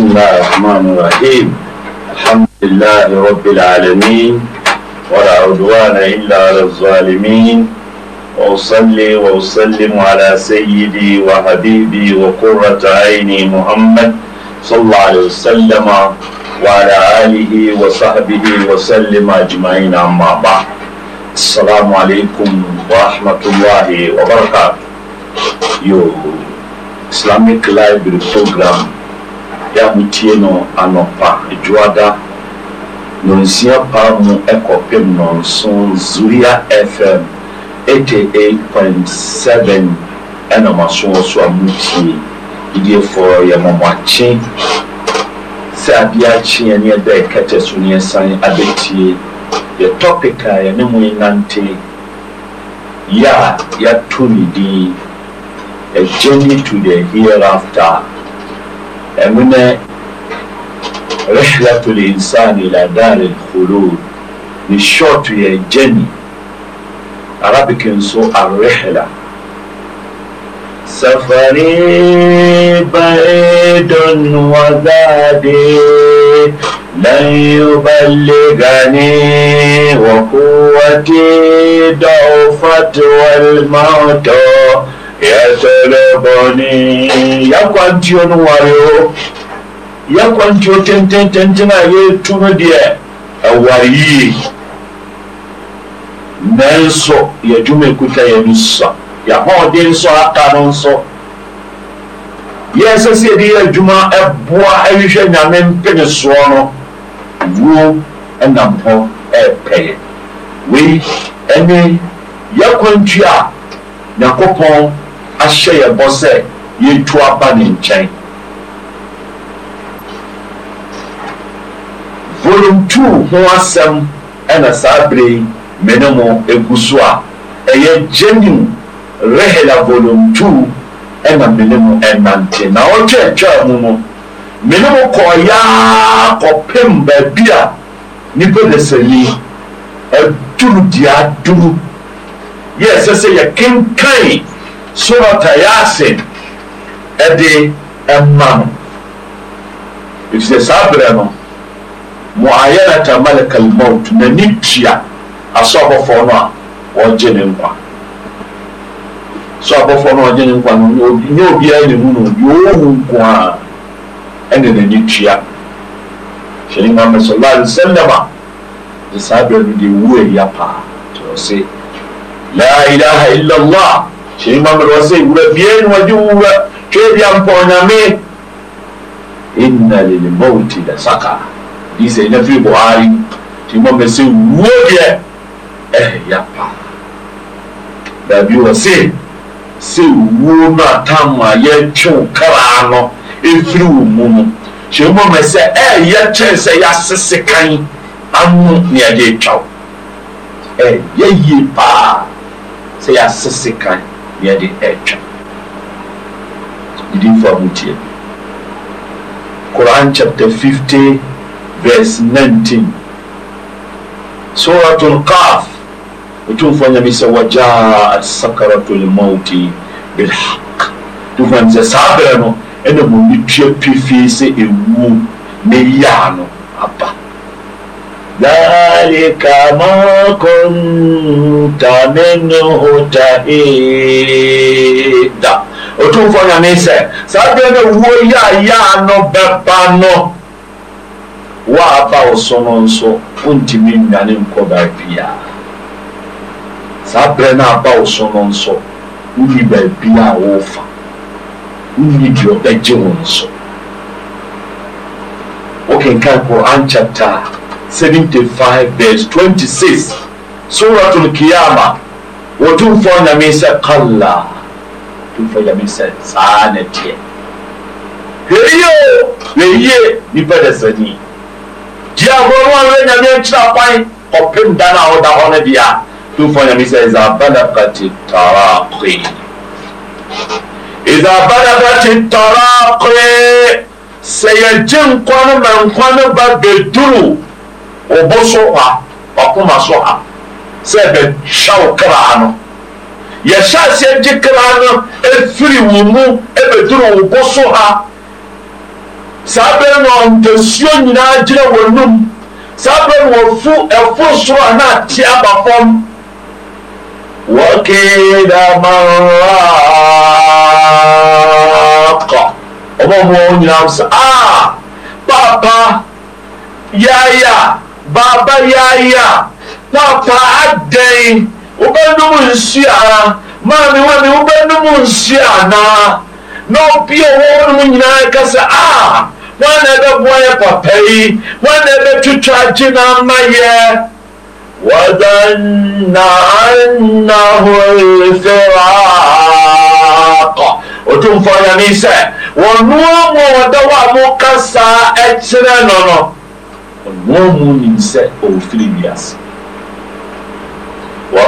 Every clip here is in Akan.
بسم الله الرحمن الرحيم الحمد لله رب العالمين ولا عدوان إلا على الظالمين وأصلي وأسلم على سيدي وحبيبي وقرة عيني محمد صلى الله عليه وسلم وعلى آله وصحبه وسلم أجمعين أما بعد السلام عليكم ورحمة الله وبركاته يو Islamic Library Program yɛ abotie no anɔpa adwoada nonsia paa mu ɛkɔpem nonson zuria fm 88.7 ɛna mo aso wɔ so a motie didiefoɔ yɛ mɔmɔakye sɛ adeɛ akye ɛne ɛda ɛkɛtɛ so ne ɛsan abɛtie yɛ topic a yɛne mu nante yɛ a yɛato ne din a journey to the hereafter أمنا رحلة الإنسان إلى دار الخلود the يا جني Arabicans so الرحلة سفري بعيد وزادي لن يبلغني وقوتي ضعفت والموت yasalabani yakwantiyo no warewo yakwantiyo tentententen a yɛtu no deɛ ɛware yie nanso yɛdwuma ekuta yɛn no sua yɛahoɔden nso aka no nso yɛsɛ sɛ yɛde yɛ adwuma ɛboa e ɛhwehwɛ e nyame mpene soɔ no wuo ɛnam e hɔ ɛɛpɛyɛ wei ɛne yɛkwantua nyankopɔn ahyɛ yɛ bɔ sɛ yɛtu aba ne nkyɛn volume two ho asɛm ɛna saa bere yi me ne mo egu so a ɛyɛ genuine rehela volume ɛna me mo ɛnante na ɔtwa atwa mu no me ne mo kɔɔ yaa kɔpem baabi a nipa desani aduru deɛ aduru yɛ ɛsɛ sɛ yɛ kenkan. so nota yaasen ɛde ɛma no bifi sɛ saa berɛ no moayanata malika almout n'ani tua asɔ abɔfoɔɔ no a ɔgye ne nkwan sɔ abɔfoɔɔ no ɔgye ne nkwa no nyɛ obia ɛ ne mu no yɛɔ wu nko a ɛne n'ani tua ɛni mamɛ su all ali wausallam a te saa berɛ no de wuaa paa nti se la ilaha ilallah syiimma mmerewɔ se wura bie noagye eh, wo wra twee bia mpaɔ nyame inna ilmouti dɛsakaa dii sɛ ina firi bɔhɔa re m tyiimameɛ sɛ wuo beɛ ɛ yɛ paa baabiwɔ se sɛ wuo no atamma yɛatwew kraa nɔ ɛfiri wɔ mu no nhyimamɛ eh, sɛ ɛ yɛkyen sɛ yɛasese kan ano neɛdye twaw ɛ eh, yɛ ye paa sɛ yɛasese kan near the edge. Reading from it Quran chapter 50, verse 19. Surah Al-Qaf. Utumfanya misa wajaa sakaratul mauti bilhaq. Tumfanya misa sabirano. Ene mumbitwe e ewu ne yano. ذلك ما كنت منه تحيد ɔtumfoɔ nyame sɛ saa deɛ no wuo yaayaa no bɛba no woaba wo so no nso wontumi nnwane nkɔ baabia saa berɛ no aba so no nso wonni baabia a wofa wonni deɛ ɔbɛgye wo nso wokenkan quran chapter 75 verse 26 suratul kiyama wɔtumfoɔ nyame sɛ kalla wɔtumfoɔ nyame sɛ saa na teɛ hwɛyie o hwɛyie nipa da sani gye agorɔ a wɛ nyame akyira kwan kɔpem da no a woda hɔ no deɛ a wɔtumfoɔ nyame sɛ iza balagati taraqi iza balagati taraqi sɛ yɛgye nkwa no ma nkwa no ba bɛduru wɔbɔ so ha ɔpoma so ha sɛ bɛhyɛ wo kra no yɛhyɛ aseɛ gye kra no ɛfiri e wo mu ɛbɛduru e wo bo so ha saa bɛrɛ na ɔntasuo nyinaa gyina w'anum saa bɛrɛ e na ɔfu ɛfo soro anaa te aba fam وكيد من راق ọmọ ọmọ wọn aa papa yaya. baaba yaya papa adɛn wobɛnom nsua mameoame wobɛnom nsuana na obia wɔwonom nyinaa kasɛ ah, wona ɛbɛboa yɛ papa yi woana ɛbɛtwitwagyena ma yɛ wzannaannah firak ɔtumfa yane y sɛ wɔnoɔmɔ wɔda woa mo kasaa ɛkenɛ nɔnɔ wom nim sɛ ofirimias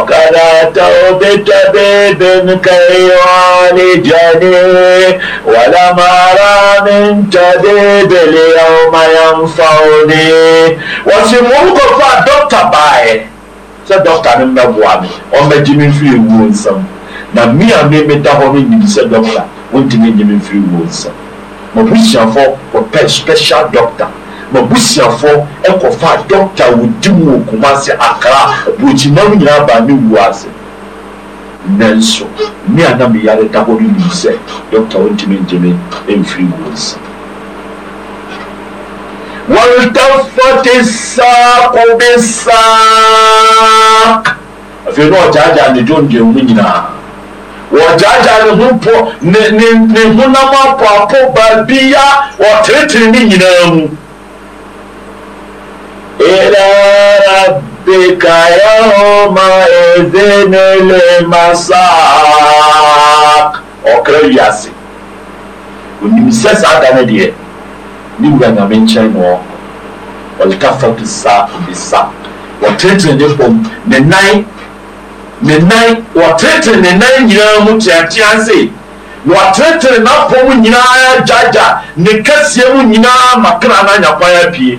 kada twbetbbin kaalijane walamara mn tdbn ywma ynfawne wɔsi mokɔfa dɔkta baaɛ sɛ dɔkte ne mmɛboa me ɔmmɛgyemimfiriwwo nsam na mia me medafɔne nimsɛ dɔktar wontimi yemefiriwo nsam mabosiafɔ ɔpɛ special dc mabusuafoɔ ɛkɔfa dɔkta wodi mu wɔ kumase akra bogyinam nyinaa baa ne wuo ase nanso me a yare meyare da hɔ no nim sɛ dɔkta wontimi ngyeme ɛmfiri wuo nsa والتفت الساق بالساق afei na ɔgyaagyaa ne dwondwe mu nyinaa wɔgyaagyaa ne ho po ne honam apɔapɔ baabia wɔteretene ne nyinaa mu errabikayɛɔma ezenele masak ɔkrawiase onyimsɛ saa dane deɛ ne bura nyamenkyɛn noɔ ɔlekafatosa me sa wateretere ne pom nena nena wateretere ne nae nyiraa mu tea tea se wateretere na pom nyiraaya jaja ne kasiɛmo nyinaa makra na nyapwa ya pie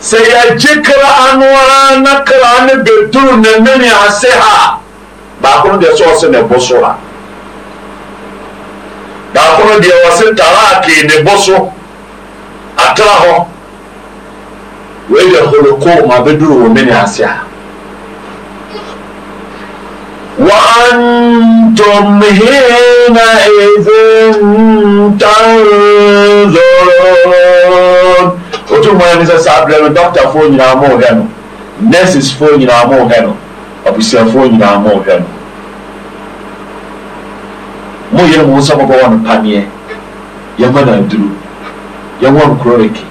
se ya je kranara na krane dedur nemen asea daakɔn diɛ sose nebsa daakɔno diɛ wase taraake ne bso atr h eida holo coma bedur womn asea wantom hena eze tars wotu mmɔyɛ ne sɛ saa berɛ no dɔktafoɔ nyinaa mo hwɛ no nurses-foɔ nyinaa mo hwɛ no ɔbusuafoɔ nyinaa mo hwɛ no mo yɛ mo nsa bɔbɔ wɔn paneɛ yɛma na aduru yɛwɔ nkorɔreki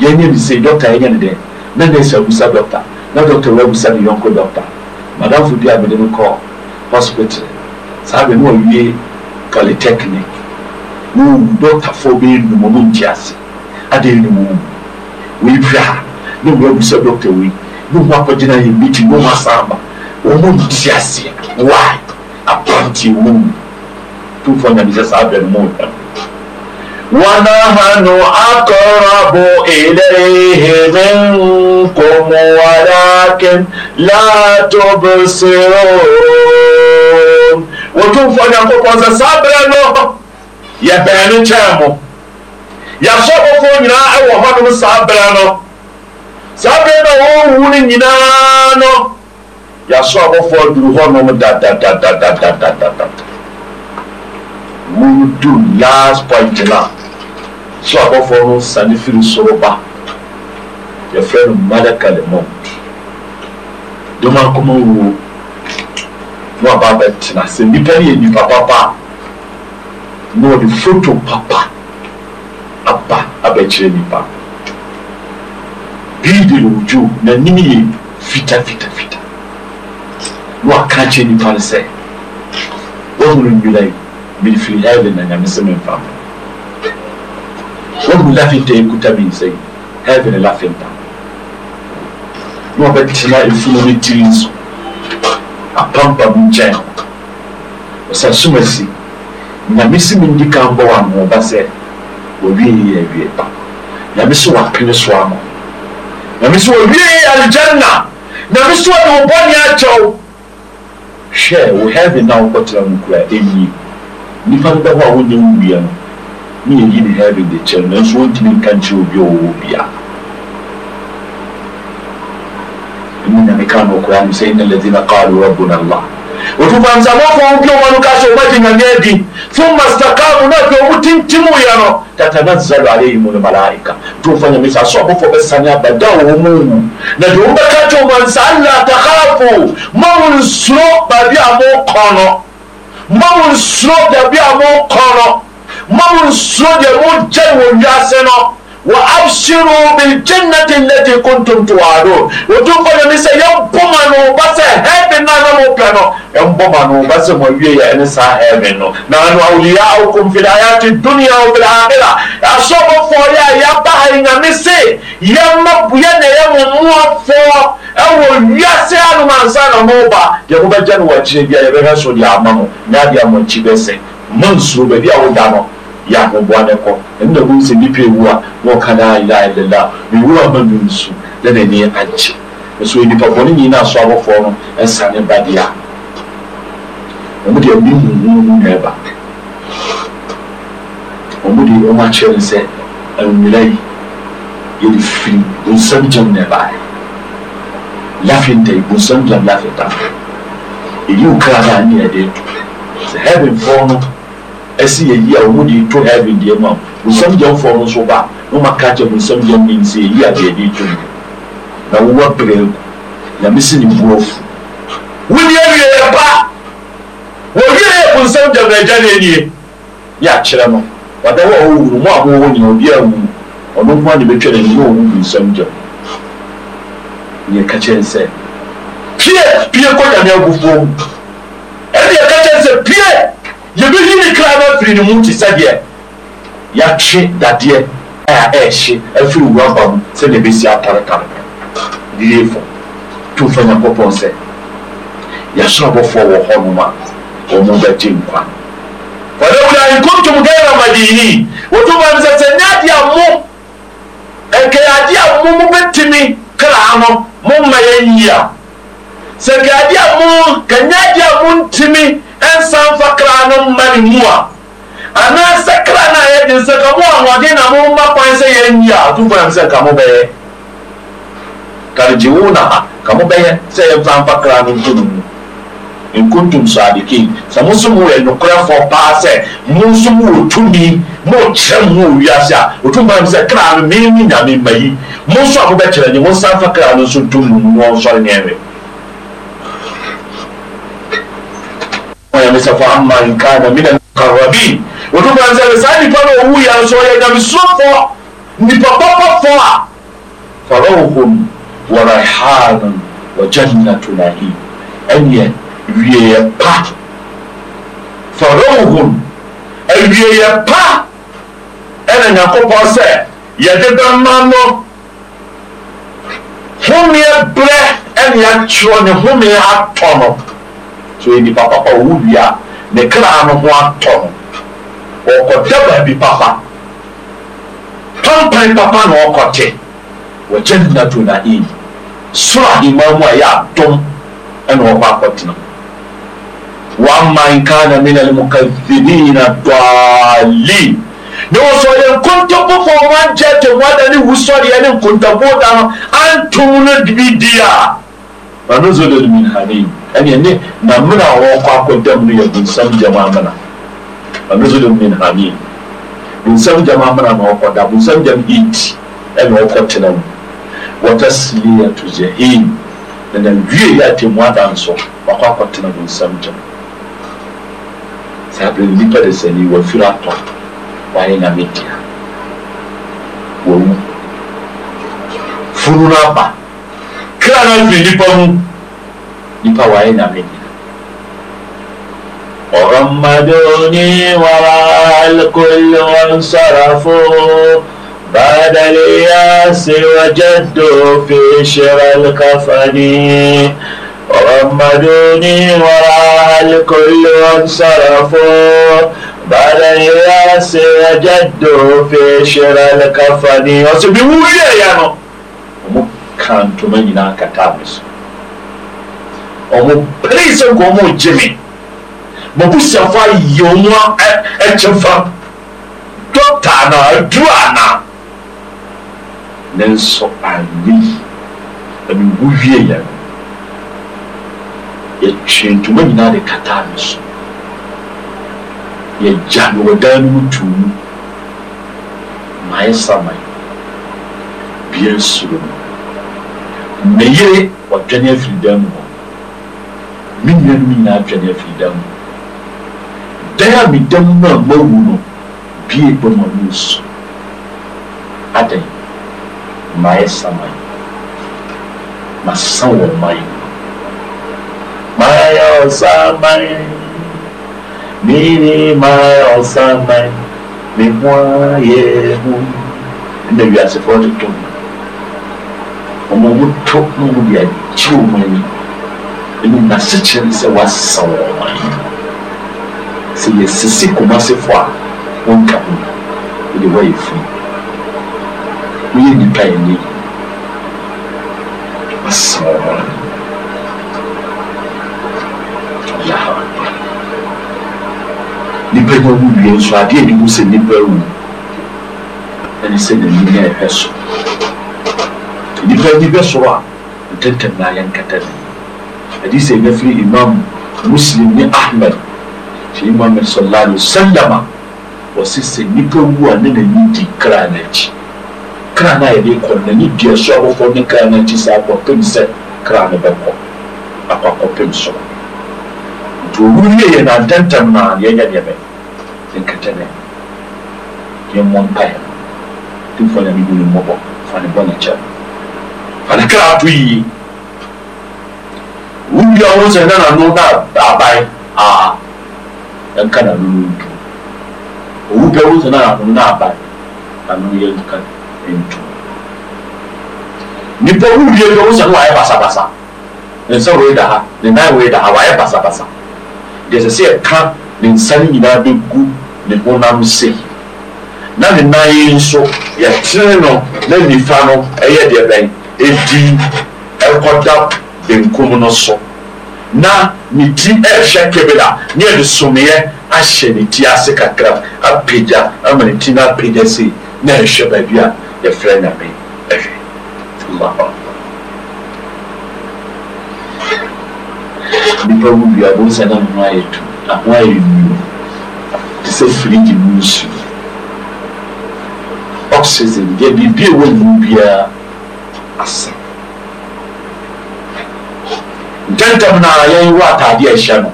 yɛnyɛ ne sei dɔkta yɛnyɛ ne dɛ na nurse abusa dɔkta na dɔkta wɔ abusa ne yɔnko dɔkta madamfo bi a mede no kɔɔ hospital saa bɛ ne wɔwie polytechnic mo dɔktafoɔ bɛyɛ num ɔmo nti ase dn n d ninaebti sama omd y apnt tfaab anahan akrb lah mncmwalakn latobsron otfoykoesabrn yn yɛahyɛ abɔfoɔ nyinaa ɛwɔ hɔnom saa berɛ no saa berɛ no a wɔwu no nyinaa no yɛahyɛ abɔfoɔ duru da dadadadadadadada mundu last point na so abɔfoɔ no sane firi soro ba yɛfrɛ no malakal mount dɔm akoma wuo na waba bɛtena sɛ nnipa no yɛ nnipa papa na wɔde foto papa apa abecerenipa bibir ju nanim ye fita fita fita nuwakakyeenipal sɛ amenu yura birfiri havena nyamesemenfa ahnu lafinta yekutabisa havene lafinta nabetina efuromtiris apampa muncɛ sasumasi namesimendikabawanɔbasɛ wawieiɛ wie ba neamenso wapene soa no nameso wawie iɛ alganna namenso aanɔɔbɔne akyɛw hwɛɛ wo heavin na workɔtera no kor a ɛyie nnipa no bɛ hɔ a wonyim ia no ne yɛyi ne heven de kyerɛ o nanso wontumi nka nkyerɛ obi wɔ wɔ bia mo nyame ka no okoranem sɛ inna allaina kalo rabunalah otfnwosadi ث stakab ntimtim yɛ ttanl عليهm المaلaka tas bsbm jokanslata nu ɛk wa absiru bil jannati allati kuntum tu'adun o tun ko mi se yo poma no ba se hebe na na mo pe no e mbo ma no ba se mo wiye ya en sa o kum fil ayati dunya o bil akhira ya so bo fo ya ya ba hay nga mi se ya ma bu ya na ya mo mo fo e a wiya se anu ma sa na mo ba ya ko ba jan wa chi o ya be ga so di amamu na di amon chi be se mon su be di yɛ ahoboa ne kɔ ɛno na ɛbɛhu sɛ nnipa ɛwu a na ɔka la ilaha illallah mewu ama no nsu na n'ani agye nso nnipa bɔne nyinaa so abɔfoɔ no ɛsane badeɛ a ɔmo deɛ ɔmo huhuhu na ɛba ɔmo deɛ ɔmo akyerɛ no sɛ nwura yi yɛde firi bonsam gyam na ɛba lafinta yi bonsam gyam lafinta ɛyi wo kra no a ne yɛde ɛsyyi ɔmudeto vndmu bu nsɛm gyamfoɔ no nso ba nmaka bunsɛm gam nf wonwie baa wɔwieɛɛ bu nsɛm gya agyane ni ne akyerɛ mo au mamɔ neauɔnnenɔm u nsm gyamɛka kɛ sɛ pie pie kɔdane agu fuɔmu ɛdɛka kyɛe sɛ pie yɛbɛyi ne kra no afiri ne mu te sɛdeɛ yɛatwe dadeɛ a ɛɛhye afiri wura ba mu sɛdeɛ bɛsi ataretare diefo tomfa nyankopɔn sɛ yɛsorobɔfoɔ wɔ hɔ nom a wɔmo bɛgye nkwa walaula in kuntum gaira madini wotoma m sɛ sɛ nyɛ adeɛ a mo ɛnkɛyɛ adeɛ a mo mobɛtumi kra no momma yɛnyi a sɛ nkɛyɛ adeɛ a mo kanyɛ adeɛ a mo ntimi ɛnsan fa kra no mma ne mu a anaasɛ kra no a yɛde sɛ ka mo ahoɔden na momma kwan sɛ yɛnyi a ɔtomfo nam sɛ ka mo bɛyɛ kargyewo na ha ka mo bɛyɛ sɛ yɛmfa mfa kra no nto no mu nkuntum sadikin sɛ mo nso mo yɛ nokorɛfoɔ paa sɛ mo nso mo wɔ tumi mo kyerɛ mo wɔ wiase a otumfo nam sɛ kra no meme nyame ma yi mo nso a mobɛkyerɛ ne mo nsa mfa kra no nso nto mu mu na ɔnsɔre ne ɛwe msɛfa ama inkana min almukarrabine wɔtupan sɛɛsaa nnipa no ɔwu yan so ɔyɛ anyamisofo nipa kpɔpɔfo a farawhun warehalon wajannatunahim ɛneɛ ieɛ pa farhun awieyɛ pa ɛna nyankopɔn sɛ yɛdedɔ ma no homeɛ berɛ ne akyerɛ ne homeɛ atɔ no so nipa e papa owu wia ne kra no ho atɔ no ɔkɔtɛ baabi papa pampan papa na ɔkɔtɛ wɔgya nina to na ɛyi e. soro ahemmaa mu a ɛyɛ adom ɛna ɔkɔ akɔtena waman kana min almukadhibina dali ne wo sɔ yɛ nkontompo fɔ ɔma nkyɛ temmoada ne wusɔreɛ ne nkontompo da no antom no bi a ɔno min hanim ani ne na mmerɛ a wɔkɔ akɔdam no yɛ bunsam mana mena ɔno min hanim bunsam gyama mena na wɔkɔda bunsam gyam heat ɛna wɔkɔ tena mu wɔtasliyatu jahim na nanwie yɛ atemmu ada nso wɔkɔ akɔtena bunsam gyam saa berɛ no nnipa de sani wafiri atɔ wayɛ nyame dia wawu funu و الكل صرف ود فيشرالكفن kaa ntoma nyinaa kataa me so ɔmɔperɛi sɛ kum mɔɔ gye me makusafo aye wa ɛkye fam dɔtaana aduruana nenso anei aniwo wie yɛ no yɛtwe ntoma nyinaa de kataa me so yɛgya no wɔ daa no mu tuu nu mayɛ sa mayɛ bia suro mu meye wapuaneafiridanu minuno minynaapaneafiridan de midam na mewu no bie pemenusu ate mayɛ samaye masa wɔ maye mayo samae mini mayɔ samae me hoa yemu ewiasefotuto ɔmo wotɔ na ɔmo de agye ɔmo ani ɛnu n'asekyerɛ ne sɛ wasesa wɔn ɔmo ani sɛ yɛsisi kɔmasefo a wɔnka ho ɛde wɔyɛ funu wɔyɛ nipa yɛn ni wasesa wɔn ɔmo ani ɔyɛ ha nipa yɛn awu wie nso adeɛ yɛn mu sɛ nipa awu ɛne sɛ n'anim yɛ ɛhwɛ so nipa bi bɛ soro a ntɛntɛn na yɛn kɛtɛ ne adi sɛ ɛna firi imam muslim ni ahmed fi imam sallallahu alaihi wasallam a wɔsi sɛ nipa wu a ne n'ani di kra n'akyi kra na yɛde kɔ n'ani di ɛso abɔfo ne kra n'akyi sɛ akɔpem sɛ kra no bɛkɔ akɔ akɔpem soro nti owu ne yɛ na ntɛntɛn na yɛnyɛ deɛ bɛ nkɛtɛ ne yɛn mɔ mpaeɛ tí fɔlɔ yɛn mi bu ne mɔbɔ fa ne bɔ ne kyɛw adekere ato yie wuli a wɔn sɛ nana no na aban a yɛnka na no ntu owu bi a wɔn sɛ nana no na aban na no yɛnka ntu nipa wuli a bi wɔn sɛ no wayɛ basabasa ne nsa wei da ha ne nan wei da ha wayɛ basabasa deɛ sɛ sɛ ɛka ne nsa no nyinaa bɛ gu ne honam se na ne nan yi nso yɛtene no na nifa no ɛyɛ deɛ bɛn. ɛdi ɛkɔda denkumu no so na ne ti ɛhwɛ kabila ne yɛde someeɛ ahyɛ ne ti ase kakra apagya ama neti no apagya sei na ɛhwɛ badu a yɛfrɛ namei aɛɛ de ɛfigim n oxgin deɛ biribia wɔ nnumu biaa nɛntɛm n arayɛ wotaadeɛ ɛhyiɛ no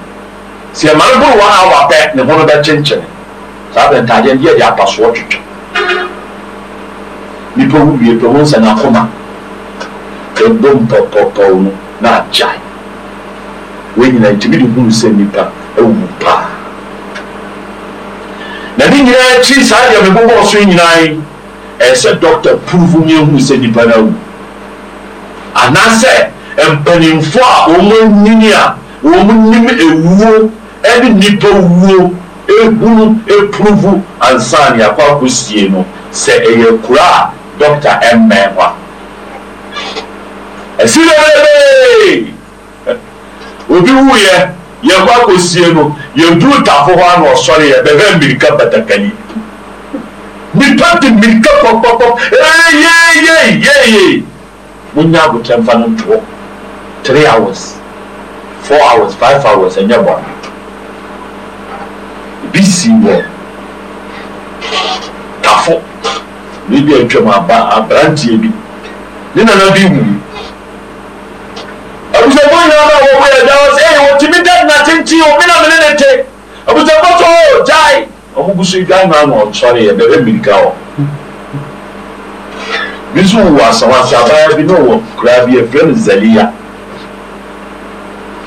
s ɛmare boraa wapɛ ne hono bɛkyenkyene saabntaaeɛn eɛde apa soɔ twetwo nnipa wowiepɛ ho hsanakoma pwpww no naae nyina ntimi de hu sɛnnipa u paa nane nyinakyii saa dea mebbɔsoi nyina ɛɛsɛ dca pvyɛhu sɛnnipanou anaasɛ mpanyimfoɔ a ɔ ma anini a ɔ m nim ɛwuo ɛne nnipa wuo hunu purufu ansaneyakwakɔ sie no sɛ ɛyɛ kuraa d mm wa asidɛɛb obi wuiɛ yɛkɔakɔ sie no yɛduru tafo hɔ ano ɔsɔreyɛ bɛvɛ mmirika patakayi nipa te mmirika kɔpɔɔ yee munya abotire mfa no nto hɔ three hours four hours five hours ɛnyɛ bɔn ebi si wɔ tafo na ebi atwam aba aberanteɛ bi ne nana bi wu abusafo nyinaa na wɔn yɛ da ɔsɛ ɛyɛ wɔn tumi dɛ na tenten omi na mene ne te abusafo so oh, gyae wɔn gu so gyae maa na ɔsɔre yɛ bɛrɛ mirika wɔ bi nso wowɔ asawase abaa bi na ɔwɔ koraa bi yɛfrɛ no zalia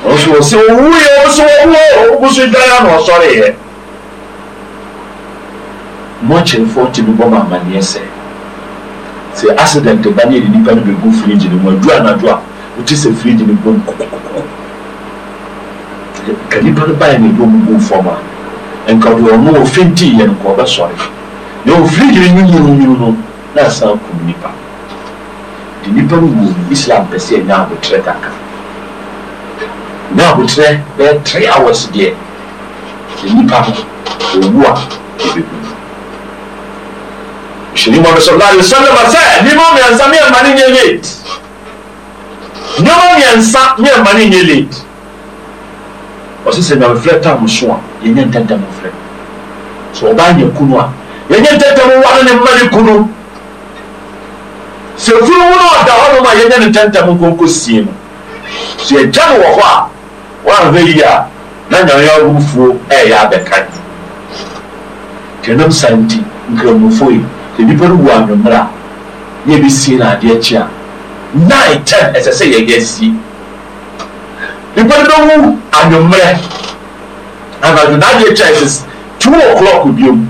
ɔnso ɔsɛ ɔwuiɛ ɔsɛ ɔwuo ɔgu so dwaya na ɔsɔreeɛ mɔkyerɛfoɔ ntumi bɔ ma amanneɛ sɛ sɛ accident ba ne yɛde nnipa no bɛgu fridge no mu adu anadwo a wote sɛ fridge no bom kokokoko ka nnipa no baɛ ne ɛdɔm gu fam a nka deɛ ɔno ɔfentiiɛ no nka ɔbɛsɔre deɛ ɔfridge no nwinwinwin no na asan kum nipa de nipa no wɔ islam pɛ sɛ ɛnya abotrɛ kaka na abotrɛ bɛyɛ three hours deɛ de nipa no owu a ɛbɛkum hyɛni mu ɔdɔsɔ lɔri sɔlɔmɔ sɛ nneɛma mmiɛnsa mi ɛma ne nye late nneɛma mmiɛnsa mi ɛma ne nye late ɔsisɛ na ɔfrɛ taamu so a yɛnyɛ ntɛntɛn mo frɛ so ɔbaa nyɛ kunu a yɛnyɛ ntɛntɛn mo wa ne ne mma kunu sɛ funumu no ɔda hɔnom a yɛnyɛ ne ntɛmntɛm nkonko sie no sɛ yɛgya no wɔ hɔ a woanhwɛ yi a na nyame awofuo ɛyɛ abɛka twɛnam sa nti nkramofo yi sɛ nnipa no wu anwommerɛ a ne ɛbɛsie no adeɛ akyi a nine ten ɛsɛ sɛ yɛyɛ sie nipa no bɛwu anwommerɛ anadwo na adeɛ a ɛsɛ two o'clock biom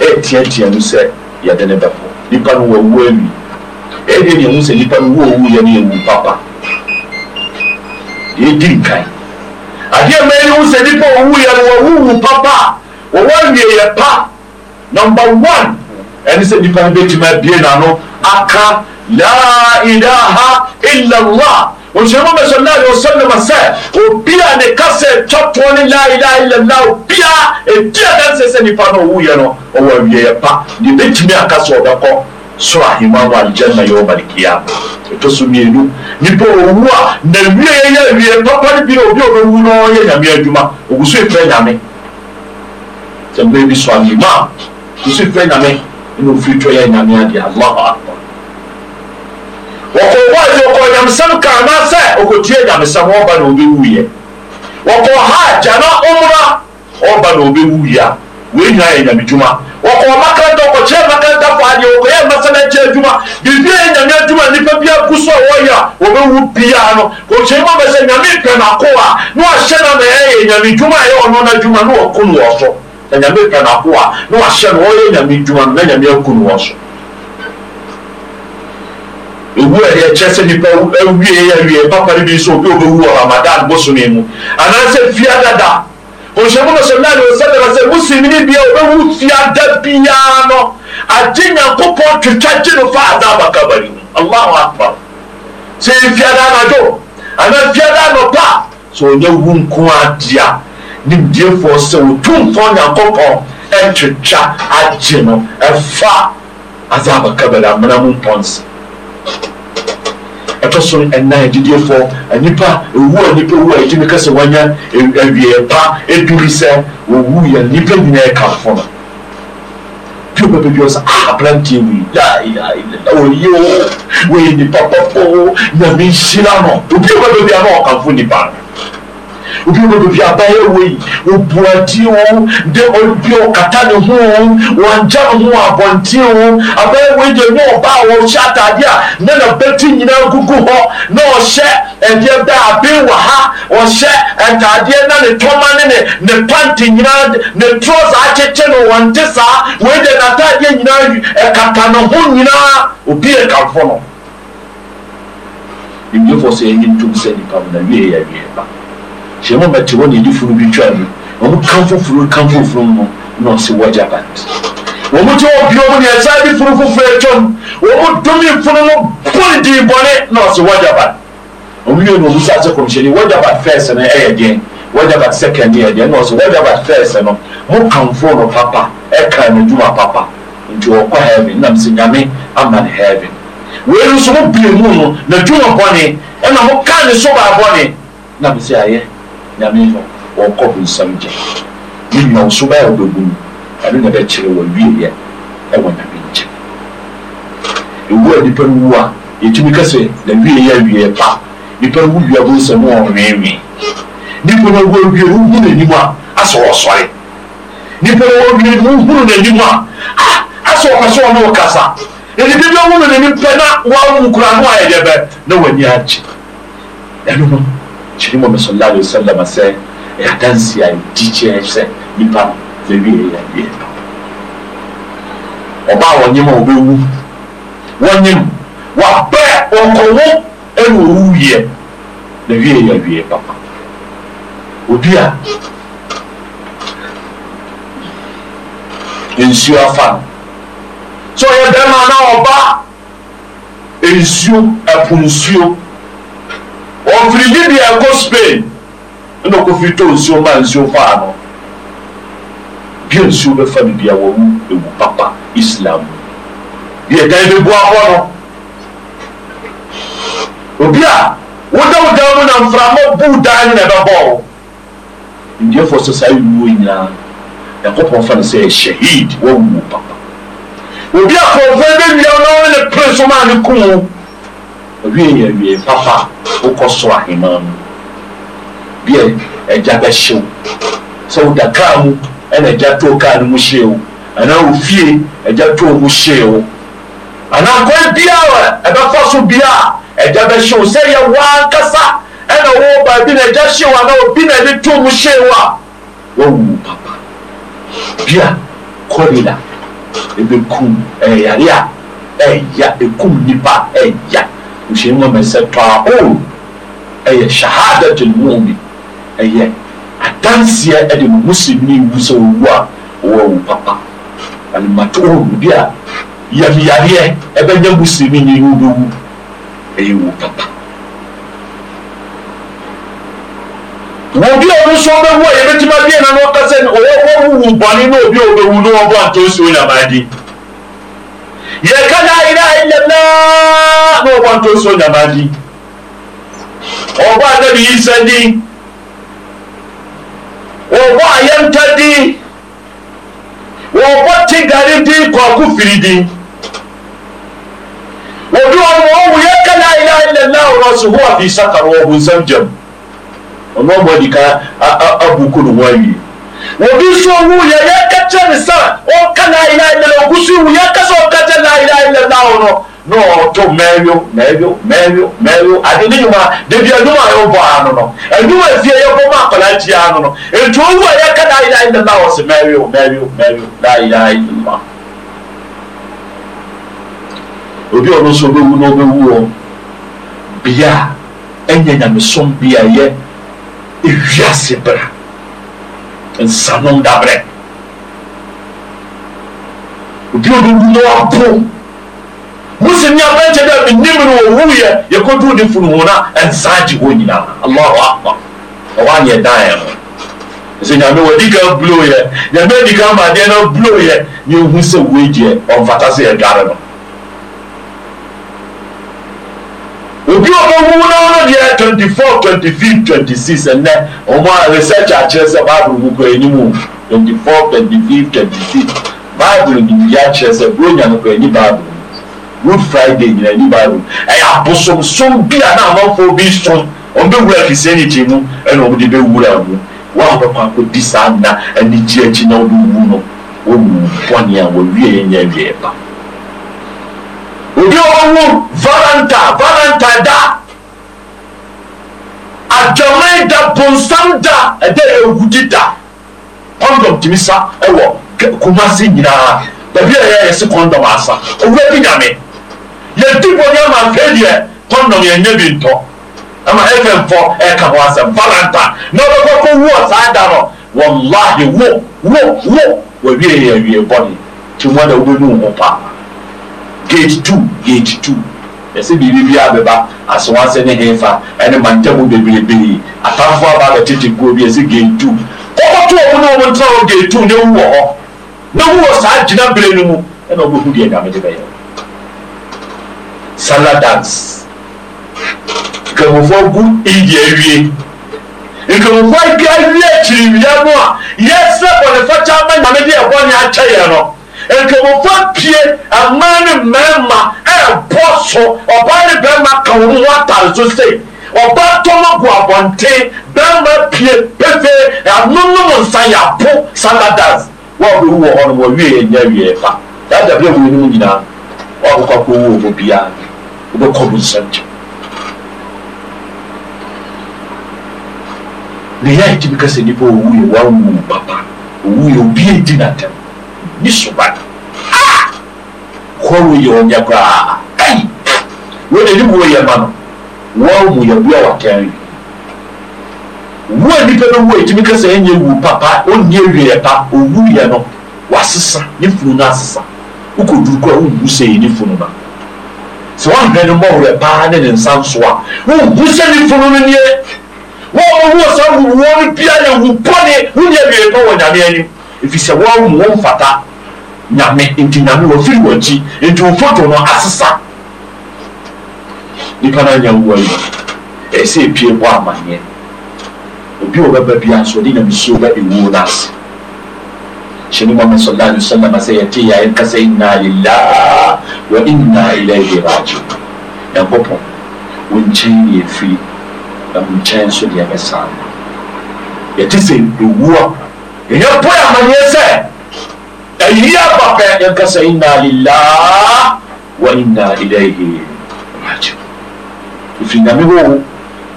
ɛtiatia no sɛ yɛde ne bɛpo nipa no wawu awi ɛdeɛ deɛ mu sɛ nipa no wɔwu yɛ no yɛwu papa deɛ ɛdi nkan adeɛ ma yi ho sɛ nipa wɔwu yɛ no wɔwuwu papa wɔwɔ awie yɛ pa number one ɛne sɛ nipa no bɛtumi abie n'ano aka laa ilaha illallah nhyɛnmu bɛ sɔ laayi ɔsɛm nama sɛ obi a ne kasa twɛtoɔ ne la laayi lɛla obi a edi adansi sɛ nipa na owu yɛ no o awie yɛ pa ne betumi aka sɛ ɔbɛkɔ soro ahema wɔ aligyɛnna yɛ ɔba ne kia ɛtɔ so mmienu nipa owu a na wie yɛ yɛ wie papa ne bi na obi a ɔbɛwu no yɛ nyame adwuma ogu so efirɛ nyame sɛ mbɛ bi sɔ ahema ogu so efirɛ nyame ɛna ofiri tɔ yɛ nyame adeɛ allah akbar wɔkɔbɔ afi wɔkɔ nyamesɛm kaa na sɛ ɔkɔtue nyamesɛm ɔba na ɔbɛwuyɛ wɔkɔ ha gyana ɔmra ɔba na ɔbɛwuyɛ wei nyinaa yɛ nyamedwuma wɔkɔ makaranta ɔkɔkyerɛ makaranta fo adeɛ wɔkɔyɛ masanakyɛ adwuma biribi yɛ nyame adwuma nnipa bi agu so a wɔyɛ a wɔbɛwu biara no ɔkyerɛ mu abɛ sɛ nyame pɛ nako a na wahyɛ no na ɛyɛ nyamedwuma a ɛyɛ ɔno no adwuma na wɔko no wɔ so na nyame pɛ nako a na wahyɛ no wɔyɛ nyamedwuma no na nyame aku wɔ so ewu a yɛ kyɛ sɛ nipa awie awie e, papa no bi nso obi obewu wɔ ramadan bosome mu anaasɛ fiadada ɔhyɛmu no sɛ laa wɔsɛdɛma sɛ muslim ne bia obɛwu fiada biaa no agye nyankopɔn twitwa gye no fa adaba kabari mu allahu akbar sɛ fiada anadwo anaa fiada anɔpa sɛ ɔnyɛ wu nko adea nimdiefoɔ sɛ ɔtumfoɔ nyankopɔn ɛtwitwa agye no ɛfa e e azaba kabari amena mu mpɔnsa ɛtɔ so ɛnan agyidiefo nipa ewu a nipa ewu a yɛgye ne kasa wanya awie e, pa eduri sɛ owu yɛ nipa nyinaa ɛkamfo no pio bɛbɛ bi ɔsɛ ah aberanteɛ wi yaa yaa oyi o wei nipa pɔpɔ nyame nhyira no obi a bɛbɛ bi a na ɔkamfo nipa no obi wɔdobi abayɛ wei obuadi wo de obi ɔkata ne ho wɔngya ne ho abɔnten wo abayɛ wei deɛ ne ɔbaa wɔhyɛ atadeɛ a na na bɛti nyinaa gugu hɔ na ɔhyɛ ɛdeɛ da aben wɔ ha ɔhyɛ ɛtadeɛ na ne tɔma ne ne ne pante nyinaa ne trɔsa akyekye no wɔn te saa wei deɛ n'atadeɛ nyinaa ɛkata ne ho nyinaa obi yɛ kamfo no ebi fɔ so yɛ ntom sɛ nipa mu na wie yɛ wie ba hyɛ mo mɛte hɔ ne edi funu bi twa mu wɔn kan foforo kan foforo mu na ɔsi wɔ japan wɔn ti wɔ bi wɔn ne ɛsa edi funu foforo atwa mu wɔn domi funu no bɔn di bɔne na ɔsi wɔ japan wɔn yɛ no wɔn sase kɔmhyɛni wɔ japan fɛs no ɛyɛ deɛ wɔ japan sɛkɛnd yɛ deɛ na ɔsi wɔ japan fɛs no mo kanfo no papa ɛka no dwuma papa nti wɔkɔ heaven nam sɛ nyame ama ne heaven wei nso mo bie mu no na dwuma bɔne ɛna mo ka ne so baabɔne nam sɛ ayɛ nyame no wɔnkɔ ho nsɛm gye ne nnwɔnso bɛa wobɛbu mu ɛno na bɛkyerɛ wɔawieɛ ɛwɔ nyame nkyɛn ɛwu a nipa no wu a yɛtumi ka sɛ na wie yɛ awieɛ pa nipa no wu wia bo nsɛm wɔ nwenwen nipa no wɔ wie wohu n'anim a asɛ wɔsɔre nipa no wɔ no wohunu n'anim a asɛ wɔpɛ sɛ ɔne wɔkasa ɛde bi bi wohunu n'anim pɛ na wɔawu kora no ayɛ dɛ bɛ na w'ani agye ɛno no kyirimmɔnɛ sa allah li wasalam sɛ ɛdansi a ɛ dikyɛɛ sɛ ipa na wieɛ ya wie bap ɔba wɔnyim wobɛwu wɔnyim wabɛ wɔkɔ wo ɛnɛ owu wiɛ na wieɛ yɛ wiee bapa odua nsuo afa no sɛ yɛdama na ɔba nsuo apu nsuo ɔmfiri libia kɔ spain nna kɔfiri tɔɔ nsuo ma nsuo faa no biansuo bɛfa no bia wɔm ɛwu papa islam bia ta bɛbuaboa hɔ obi a wodawoda mu namframɔ bu daa ne nɛ bɛbɔo ndeafoɔ sɛ saa wɛwieinynaa nyankopɔn fano sɛ syahed wɔ wu papa obi a fɔɔmfɔ nɛwia wa me ne pere nsomaa ne kum wie yɛ wiee papa ó kọ́ sọ àhìmọ́ mu bí ẹja bẹ́ hyew sɛ woda kaa mu ɛna ɛgya too kaa no mu hyee wo anaa wo fie ɛgya too mu hyee wo anaa kwan biara ɛbɛfa so biara ɛgya bɛhyew sɛ yɛ wankasa ɛna wo baabi na ɛgya hyew anaa obi na ɛde too mu hyee wo a wawu papa bia kɔlila ɛbɛkum ɛyare a ɛya ɛkum nipa ɛya nhyiamu ɛmɛsɛ tɔ a oo ɛyɛ shahadatul mu'min ɛyɛ adanseɛ ɛde no musulmi wu sɛ owu a wɔwu papa alimatoolu bi a yamiyareɛ ɛbɛnya musulmi nyi wo bɛwu ɛyɛ wu papa obi a ɔno nso ɔbɛwu a yɛbɛtumi abie na no ɔka sɛ ɔwɔ wɔwu bɔne na obi a ɔbɛwu na ɔbɔ antɔnsuo nyamaade yɛka la ilaha illallah na ɔbɔ antɔnsuo nyamaade wɔbɔ anabi isa din wɔbɔ ayɛnta din wɔbɔ tigari din kɔɔko firi din wɔbi wɔn mu wɔn mu yɛ kala ila ila ila wɔn so wɔn afi sakara wɔn bu nsɛm gyam wɔn mu wɔn di ka abu kunu wɔn awie wɔbi nso wu yɛ yɛ kɛkyɛ ne sa wɔn kala ila ila wɔn gusi wu yɛ kasa wɔn kɛkyɛ la ila ila ila wɔn n'o to mario mario mario mario ati ni ɲuman depi ɛduma y'o bɔ a nɔnɔ ɛduma fiyɛ ye ko ma kala ci a nɔnɔ etuwo bɔ ye ka da yira yira la wɔsi mɛrio mɛrio mɛrio da yira yira obi ɔno nso bɛ wu n'obe wu o bia ɛnyɛ nyamesom bia yɛ ewiase bra nsanom dabrɛ obi ɔbɛ wu n'oabo. muslim ya bɛnkyɛ dɛ menim no wɔwuyɛ yɛkɔduu ne funu ho na ɛnsaa gye hɔ nyinaa allahu akbar ɛwɔ anyɛ dan ɛ ho nso nyame wadi ka bulo yɛ nyame adi ka ma adeɛ no bulo yɛ ne ɛhu sɛ woegyeɛ ɔmfata sɛ yɛdware no obi a ɔbɛwu na ɔno deɛ 24 25 26 ɛnɛ ɔmo a research akyerɛ sɛ bible mu kɔ anim 24 25 26 bible nimdi akyerɛ sɛ buro nyame kɔ ani bible good friday nyina ni bible ɛyɛ abosomsom bi a na amanfoɔ bi so wɔn bɛ wura christianity mu ɛna wɔn de bɛ wura mu wɔn a wɔkɔ akɔdi saa nna ɛne gye akyi na wɔde wu no wɔwu bɔne a wɔwie yɛ nyɛ awie ba obi a wɔwu valanta valanta da adwaman da bonsam da ɛdɛ ewudi da kɔndɔm tumi sa kumasi nyinaa baabi a yɛyɛ yɛsi kɔndɔm asa owura bi nyame yɛdi bɔnyama mpɛdeɛ kɔndɔm yɛnyɛ bi ntɔ ama fm fɔ ɛka ho asɛm valanta na ɔbɛkɔ kɔ wu wɔ saa da no wallahi wo wo wo wawie yɛ awie bɔne nti mu ada wobɛnu wo ho paa gate two gate two yɛsɛ biribi bi abɛba asowase ne hefa ɛne mantamu bebrebee atamfoɔ aba abɛtete kuo bi yɛsɛ gate two kɔkɔto ɔmo ne ɔmo ntena wɔ gate two ne wu wɔ hɔ na wu wɔ saa gyina bere no mu ɛna ɔbɛhu deɛ nyame de bɛyɛ sala dance nkramofoɔ gu india awie nkramofoɔ agi awie akyiriwia no a yɛsɛ bɔnefa kyɛ ama nyame de ɛbɔne akyɛ yɛ no nkramofoɔ pie amaa ne mmarima ɛɛbɔ so ɔbaa ne barima ka wo mu atare so sei ɔba tɔmɔ gu abɔnten barima pie pefee anonom nsa yɛapo sala dance wɔbɛwu wɔ hɔ no wɔwie yɛnya wie fa saa dabi a wɔnom nyinaa wɔakokɔ akɔwu wɔ mu biara wobɛkɔ mo nsa nkyɛm ne yɛ ntimi ka sɛ nnipa ɔwuɛ wawu papa ɔwuɛ obia di natɛm ni soba kɔwo yɛ ɔnyɛ koraa ai wode ne mu wɔyɛ ma no wawu mu yɛbua watɛn wi wua nnipa no wuɛ ntimi ka sɛ ɛnyɛ wu papa ɔnni awieɛ pa ɔwuiɛ no wasesa ne funu no asesa wokɔduru kɔ a wonhu sɛ yɛ ne funu no sɛ wahwɛ no mmɔwerɛ paa ne ne nsa nso a wohu sɛ ne funu no nie wɔmɔwuɔ saa wuwuo no bia yɛ hu bɔne wodeɛ awiei pa wɔ nyame anim ɛfiri sɛ woawo mu wɔmfata nyame nti nyame wɔfiri wɔakyi nti wo foto no asesa nipa no anya wua yi ɛsɛ ɛpie bɔ amanneɛ obi wɔ bɛba bia nso ɔde nyamesuo ba ɛwuo no ase syɛnimam saall li wasalam sɛ yɛteya yankasɛ inna lilah wainna ilaihi rajib yankɔpɔ wonkɛ nyɛfi namunkyɛ nso deɛmɛsama yɛte sɛwuwa ɛyɛpɔa manyɛ sɛ ɛhiya baɛ yɛnkasɛ inna lilah wainna elaihi rajibu ɛfi name woo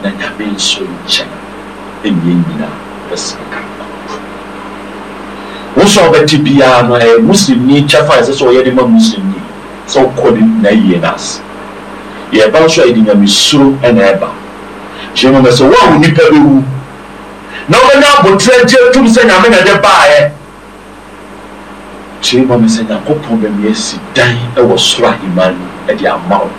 na name nso ynkyɛna emye nyina baska nso a ɔbɛte biara no ɛyɛ muslimni kyɛfa ɛsɛ sɛ ɔyɛ de ma muslimni sɛ ɔkɔ ne na yie n'ase yɛba nso a yɛde nyamesuro ɛna ɛba kyerɛ mu sɛ wo a wo nipa bɛwu na wɔbɛnya abotire agye tum sɛ nyame na ɛde baeɛ kyerɛ mu sɛ nyankopɔn bɛmi asi dan ɛwɔ soro ahema no de ama wo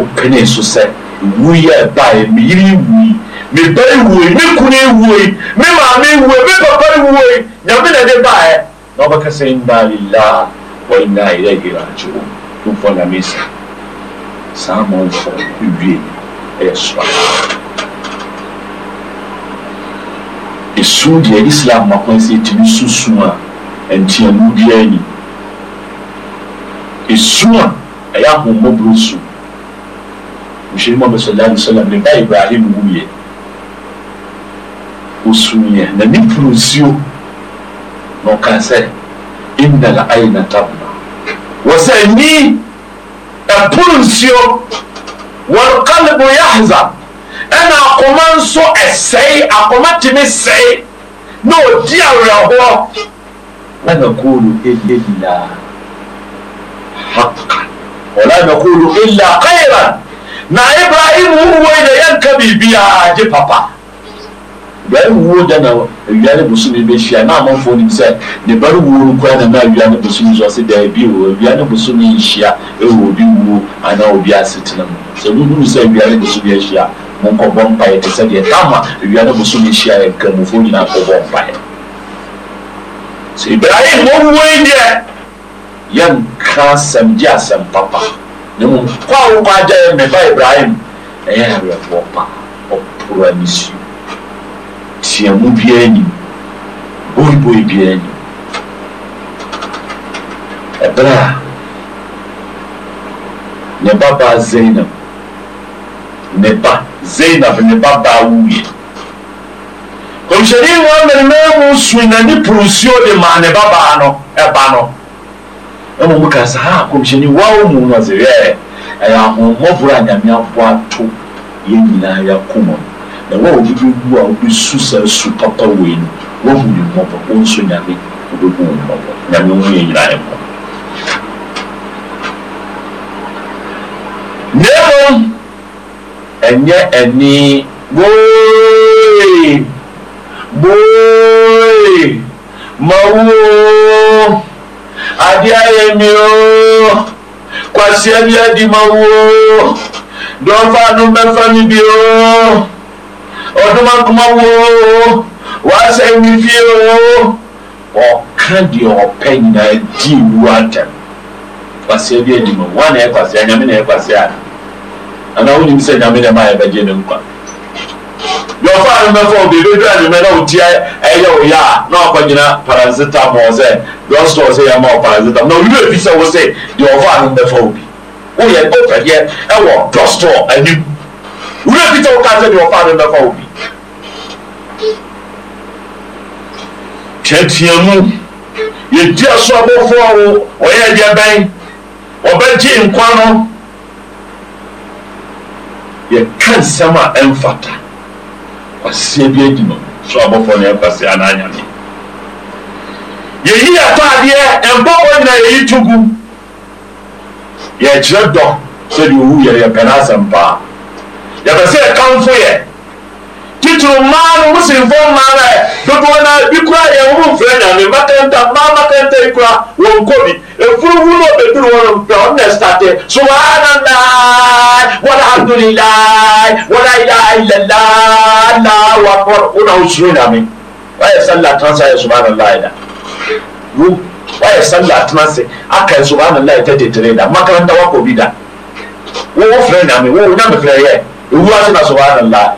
wopene so sɛ ewu yɛ ɛbaeɛ meyiri wuyi me ba ewue me kunu ewue me maame ewue me papa ewue nyame na de baɛ na ɔbɛka sɛ inna lillahi wa inna ilayhi raji'un tumfoɔ nyame sa saa amanfoɔ ewie ɛyɛ sora esu deɛ islam makwan sɛ etumi susu a ntiamu biara ni esu a ɛyɛ ahommɔborɔ su nhwɛ mu abɛsɛ daa nisɛlɛm ne ba ibrahim wuyɛ sni nam pronsio n ka sɛ innenaynatabla wa sɛni ɛporo nsuo walkalebe yahza ɛne akɔma nso ɛsɛe akɔma tɩme sɛe na odi awe ahɔ a ala nakulu ila ayra na ibrahim wo weyi ne yɛnka biibiaa ge papa yɛre wuo da na awia ne bosome bɛhyia na amanfoɔ nim sɛ ne bare wuo no koraa na ma awia ne bosome so ɔse daa bi wɔ awia ne bosome nhyia ɛwɔ obi wuo anaa obi asetena mu sɛ muhunu sɛ awia ne bosome ahyia monkɔbɔ mpaeɛ te sɛ deɛ tama awia ne bosome hyia yɛ nkramofoɔ nyinaa kɔbɔ mpaeɛ sɛ ibrahim wɔwuo yi deɛ yɛnka asɛm gye asɛm papa na mmom kɔ a wokɔ agya yɛ meba ibrahim ɛyɛ awerɛfoɔ pa ɔporo anisuo amu bianim boiboibianim ɛberɛ nebaba zeina neba zeinab ne ba ba wuie komisɛni wa meremmu sunani prosio de ma ne ba bano ɛba no omomu kasa ha komisɛni wao mumo ze wɛ ɛya homa vuru anyamea voato ye yina ya koma na wɔn a wɔdidi gu a wɔde su saa su papa wei no wɔn mu ne mmɔbɔ wɔn nso nyame wɔbɛbu wɔn mmɔbɔ nyame wɔn yɛ nyinaa ɛmɔ. nemo ɛnyɛ ɛni boye boye mawuo adi ayɛ mi o kwasi ɛbi adi mawuo dɔnfa nu mɛfa mi bi o ọdún makomawo w'asɛn mi fie o ɔka deɛ ɔpɛ nyinaa di iwu atɛm kwaseɛ bi anim wa na yɛ kwaseɛ nyame na yɛ kwaseɛ a anaa wonim sɛ nyame na ma yɛ bɛgye ne nkwa yɔfa anumɛfo beebi edu anumɛ na oti ɛyɛ oyɛ a na ɔkɔgyina paracetamol sɛ dɔstɔɔ sɛ yɛma ɔ paracetamol na olu bɛ fi sɛ wo sɛ deɛ ɔfa anumɛfo bi woyɛ ɔpɛdeɛ ɛwɔ dɔstɔɔ anim wofita wo ka sɛdeɛ wɔfaadenɛfa wo bi ka tiamu yɛdia so abɔfoɔ wo ɔyɛ dyɛ bɛn ɔbɛgye nkwa no yɛka nsɛm a ɛmfata aseɛ bi anuna so abɔfoɔ no ɛkase anaanyane yeyi ɛtadeɛ mpɔ wɔ nyina yɛyi twu gu yɛkyerɛ dɔ sɛdeɛ wowu yɛyɛpɛne asɛm paa yɛpɛ sɛ yɛkamfo yɛ titiri mmaa no musinfo mmaa no dodoɔ no bi kura yɛ wɔn mfira nyame makanta mmaa makanta yi kura wɔn kɔ bi efurufu na obeduru wɔn mpɛ wɔn na ɛsitate subhanallah wala abdulilayi wala ilayilalala wa kɔr wɔn a wosoro nyame wɔyɛ sallah transa yɛ subhanallah da wɔyɛ sallah transa aka yɛ subhanallah tɛtɛtɛrɛ da makanta wakɔ bi da wɔn wɔfira nyame wɔn nyame fira yɛ ruwa suna subhanallah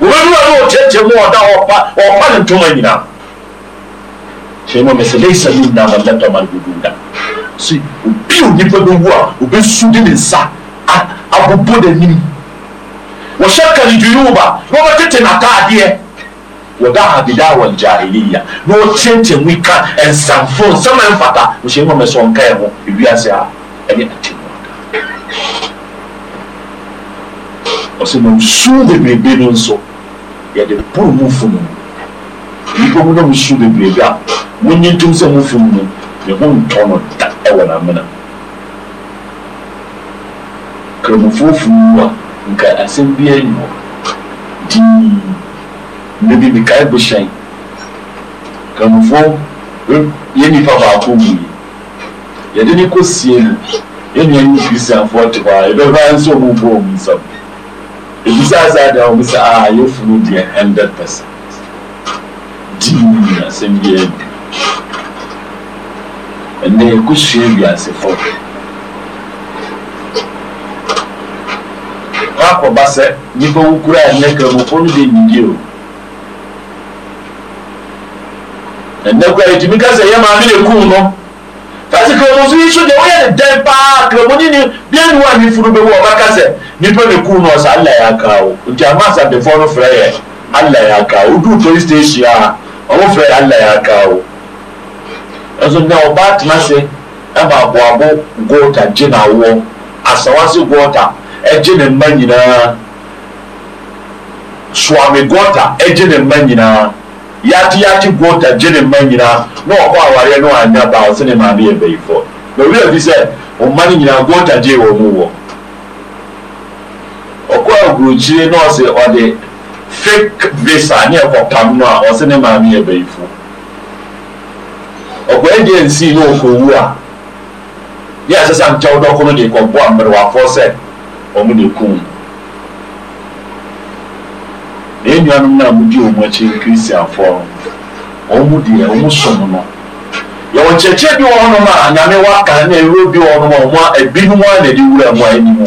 wani wani o cece mu wada wa fanin tuma ina sai mo mesi leisa yu na man lanta man gudunda si obi o nipa bi wa obi sudi ne nsa abubu da nim wɔhyɛ kaliduyuba na wɔbɛtete n'ataadeɛ wɔda abida wɔ jahiliya na wɔtiatia mu ka nsamfo nsɛm a mfata wɔhyɛ mu mɛsɛ ɔnka yɛ ho ewiase a ɛne atemu ɔsɛ nam nsuo bebrebe no nso yɛde boro mu fo mu nnipa mu nam nsuo bebrebe a wonye ntom sɛ mofo mu no ne ho ntɔ no da ɛwɔ namena kramofoɔ fuu a nka asɛm biara nni hɔ dii na bi mekae bohyɛn kramofoɔ yɛ nnipa baako mu yi yɛde ne kɔsie no yɛnua ne firisafoɔ te hɔ a yɛbɛbaa nso ɔmo bɔɔ mu nsam ɛbisaa saa deɛ wɔm sɛ a ah, yɛfo no deɛ 100 percent dii asɛm biaa bi ɛnɛ yɛkɔsua wiasefo akɔba sɛ nnipa wo kura a ɛnɛ kramofo no de nidie o ɛnɛ kora yɛtumi ka sɛ yɛ maame ne kum no kasi kramo so yi so deɛ woyɛ ne dɛn paa kramoni ne bianu a ne funu bɛwu ɔbɛka sɛ nipa ne kum no ɔsɛ allah yɛ aka wo nti ama asatefoɔ no frɛ yɛ allah yɛ aka wo duu police station a ɔmo frɛ yɛ allah yɛ aka wo ɛso na ɔbaa tena se ɛma aboabo gota gye na awoɔ asawase gota ɛgye ne mma nyinaa suami gota ɛgye ne mma nyinaa yati yati gota gye ne mma nyinaa na ɔkɔ awareɛ na ɔanya baa ɔsɛ ne maame yɛ bɛyifoɔ na owi a bi sɛ ɔma no nyinaa gota gye wɔn mu wɔ. okwuagwu chie na ọ ọdị fake visa anyị maame ọkọ agency ní òkò owó a yẹ asẹsẹ na ịdị ọkọ ní ìkọ na mụ di ọmụ di ya ọmụ nọ ya bi a nyame na ewuro bi wɔ hɔnom a ɔmo na ɛde wura anyị anim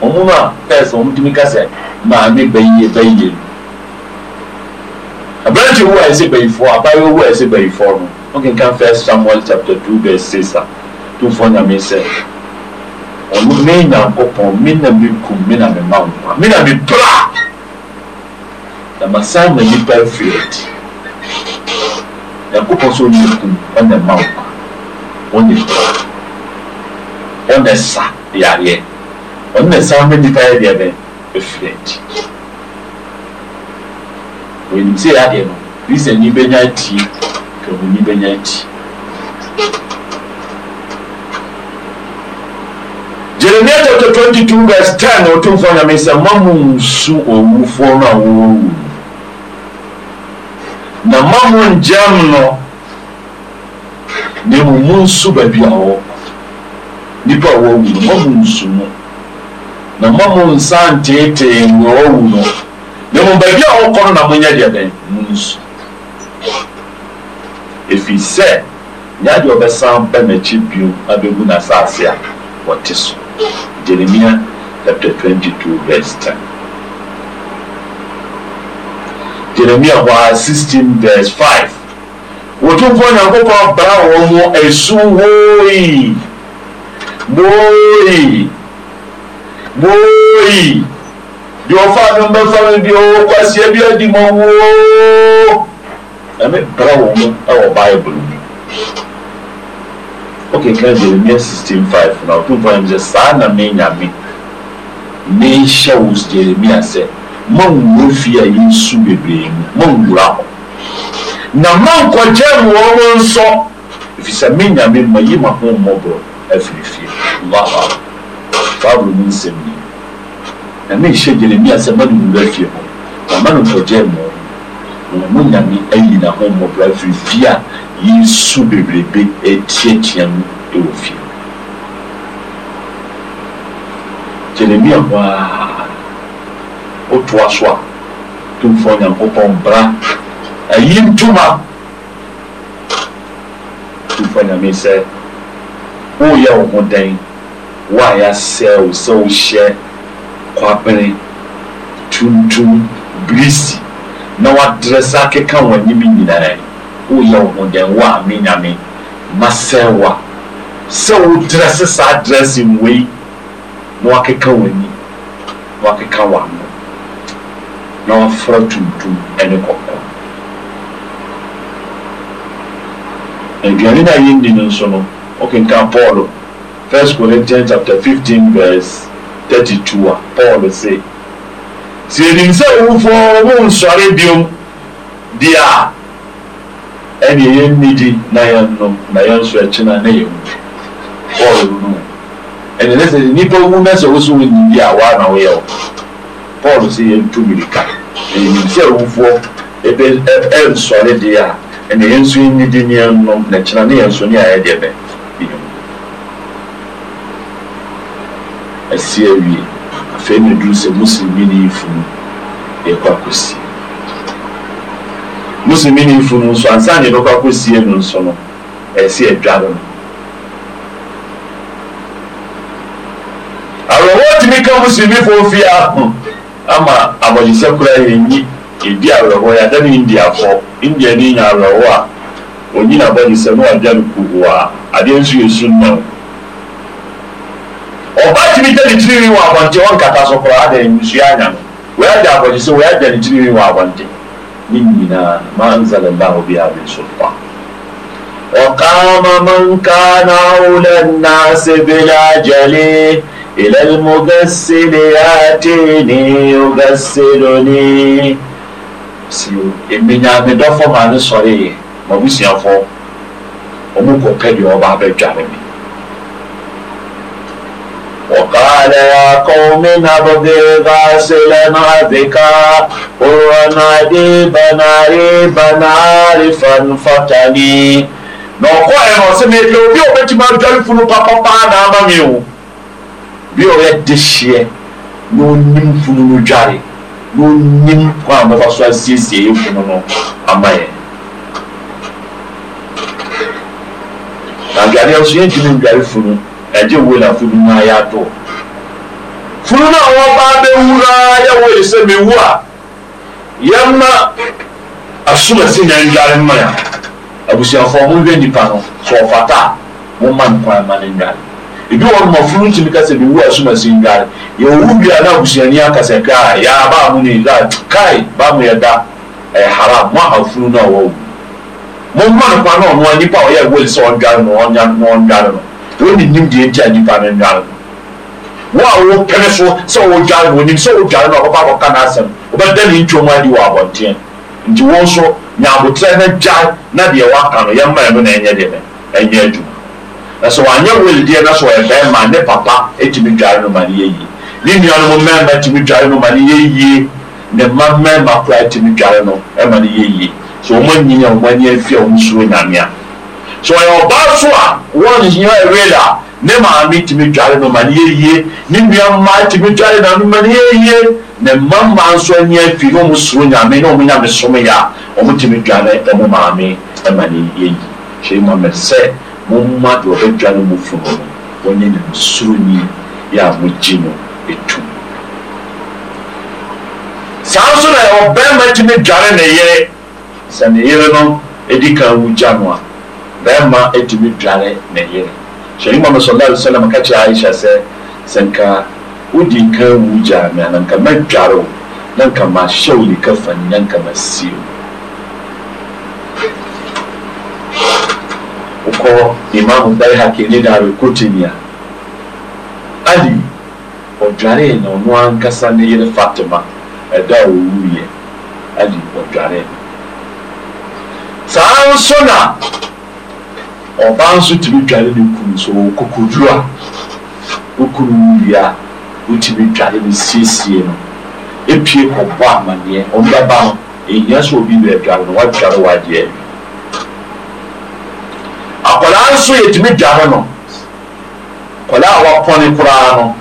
omuma pɛs ɔmutumi kasɛ maame bɛyie bɛyie no aberante wu a ɛsɛ bɛyifoɔ abaayewa wu a ɛsɛ bɛyifoɔ no wɔkenkan first samuel chapter two verse six a tumfoɔ nyame sɛ ɔno me nyankopɔn me na me kum me na me ma nkwa me na me bra na masan na nipa afiri adi nyankopɔn sɛ ɔne kum ɔne ma nkwa ɔne bra ɔne sa yareɛ ɔnon sa ma nnipa yɛ de dɛ frɛ nim sɛ yɛadeɛ no bia nnibanya ati ɛɔ nibanya ati jeremia t 22 gas 10tmfa nyamey sɛ mamo nsu ɔwufoɔ no a wɔɔwu no na mamo ngya m no nne mu munsu baabi aɔ nnipa wɔwu no mamnsu mu na mamo nsanteetee wɔɔ wu no ne mmobaabi a wɔkɔ n na monyɛ de bɛn wu nsu efiri sɛ nyɛde ɔbɛsan bɛ n'akyi bio a bɛgu na asase a wɔte so jeremia c22:v10 jeremia ɔ a 16:5 wɔtumpɔn nyankopɔn bra wɔn mu asuw woyi wooi wooyi deɛ ɔfa no mbɛfa no deɛ ɔkwaseɛ bi adi ma woo ɛme brɛ wo ho ɛwɔ bible mu okeka jeremia 165 na ɔtomfo no sɛ saa na me nyame mehyɛ wo jeremia sɛ mawura fie a yɛnsu bebree mu mawura hɔ na mankɔgya mu wɔ mo nsɔ ɛfiri sɛ me nyame ma yi ma ho mmɔborɔ afiri fie allah bible mu nsɛm na menhyɛ gyelemi asɛ ma no nwura fie hɔ mama no mpɔgya mu mo nyame ayi na ho mmɔbra firi fie a yesu bebrebe atiatia no wɔ fie jeremia hɔ a wotoa so a tomfoɔ nyankopɔn bra ayi ntoma tomfoɔ nyame sɛ woyɛ wo ho dɛn woayɛ asɛ wo sɛ wohyɛ kwapene tuntum birisi na wadresa sa keka wɔn anim nyinaa woyɛ wo ho dɛn wo a me nyame masɛe wo a sɛ wodrɛ se saa drɛse nwei na wakeka w'ani na wakeka w'ano na wafra tuntum ne kɔkɔ aduane no a yɛndi no nso no wokenka paul 1 corinthians chapter 15 verse 32 a paul se sɛ yɛnim sɛ owufoɔ wonsɔre biom deɛ a ɛne yɛnnidi na yɛnnom na yɛnso ɛkyena na yɛnwu paul ɛne ne sɛ nnipa wu na sɛ wo wonnidi a woa woyɛ wo paul sɛ yɛnto mirika yɛnim sɛ owufoɔ ɛnsɔre deɛ a ɛne yɛnso yɛnnidi ne yɛnnom na kyena ne yɛnso ne a yɛdeɛ bɛ asi awie afei ne duru sɛ musulmi ne yifu no yɛkɔ akɔsi musulmi ne yifu no nso ansa ne yɛbɛkɔ akɔsie no nso no ɛsɛ ɛdware no awerɛhoɔ tumi ka musulmi foɔ fie aho ama abɔgyesɛ koraa yɛnyi ɛdi awerɛhoɔ yɛada ne indiafoɔ india ne nya awerɛhoɔ a onyina abɔgyesɛ no wadwa no kuhoa adeɛ nso yɛ su nnam ite nitiri nri nwa agbanje nwa nkata sọpụrụ ha na-enyusi anya wee dị agbanje so wee dị nitiri nri nwa agbanje n'ihi na ma nzalallahu biha min sultan وقام من كان أولى الناس بالعجل إلى المغسل يأتيني يغسلني si èmi ni amedɔfo maa ní sɔre yìí mo bí sèé fɔ ɔmu kò kẹ́ di ɔba abẹ́jọ́ àrẹ́mi وقال يا قوم نبغي غاسلا عذكا قرا عديبا عريبا عارفا فتني nɔkɔ yɛ na ɔsɛ mɛ deɛ obi a ɔbɛtumi adware funu papapaa na ama mi o bi a ɔyɛ dehyeɛ na onim funu no dware na onim kwan a mɛfa so asiesie yɛ funu no ama yɛ na adwareɛ funu ɛgye wura funu na yɛ ato funu na wɔba abɛwura yɛwɔ esɛ mewu a yɛma asomasi na ndware mma ya abusuafoɔ ho hwɛ nipa no sɛ ɔfata a wɔma no kwan ma no ndware ebi wɔ no mafunu ntumi kasa mewu asomasi ndware yɛwɔ dua na abusuani akasa kaa yɛa baa mu ne ndware kae baa mu yɛda ɛyɛ eh, haram mo aha funu na wɔwu mo mma no kwan na ɔno nipa a ɔyɛ wele sɛ ɔndware no ɔnya no ɔndware no wɔne nim deɛ nti a nipa no nnware no wɔn a wɔpɛrɛ so sɛ wɔdware no wɔnim sɛ wɔdware no ɔbɛba akɔka n'asɛm wɔbɛda ne ntwom adi wɔ abɔnten nti wɔn nso nyaabotire no dware na deɛ waka no yɛn mmaa no na ɛnyɛ deɛ ɛnyɛ adwuma na sɛ wɔanyɛ wɔli deɛ na sɛ ɔyɛ bɛrima ne papa etumi dware no ma ne yɛ yie ne nuanom mmarima etumi dware no ma ne yɛ yie ne mma mmarima koraa etumi dware no ma ne yɛ yie so wɔn anyini a wɔn ani afia wɔn suro sɛ ɔyɛ ɔbaa so a wɔn hia ɛwela ne maame tumi dware no ma ne yɛ yie ne nua mmaa tumi dware na no ma ah. ne yɛ yie ne mma mmaa nso ani afi ne ɔmo soro nyame ne ɔmo nyame som yɛ a ɔmo tumi dware ɛmo maame ɛma ne yɛ yie hyɛ mu amɛ sɛ mo mma deɛ ɔbɛdwa no mo fo no wɔnyɛ ne soro ni yɛ a mo gye no saa nso na ɔbɛrima tumi dware ne yere sɛ ne yere no edi kan wugya no a. bma etimi jarɛ na yere shɛrimama sallah alw salam aka cerɛ isha sɛ sanka o dika wu jame ananka me jar naka ma shɛw li ka fani nankamasi uko imam bahakene daru kotemia ali ɔjwareyenu nua nkasane yere fatema ada o wuyɛ ali ɔ da saansona ɔbaa nso tumi dwane ne kunu so wɔ kokoduru a wokunu wuwie ne siesie no epie kɔbɔ amanneɛ ɔmbɛba no ehia sɛ obi bɛ dwane no wadwane wadeɛ akwadaa nso yɛtumi dwane no akwadaa a wapɔne koraa no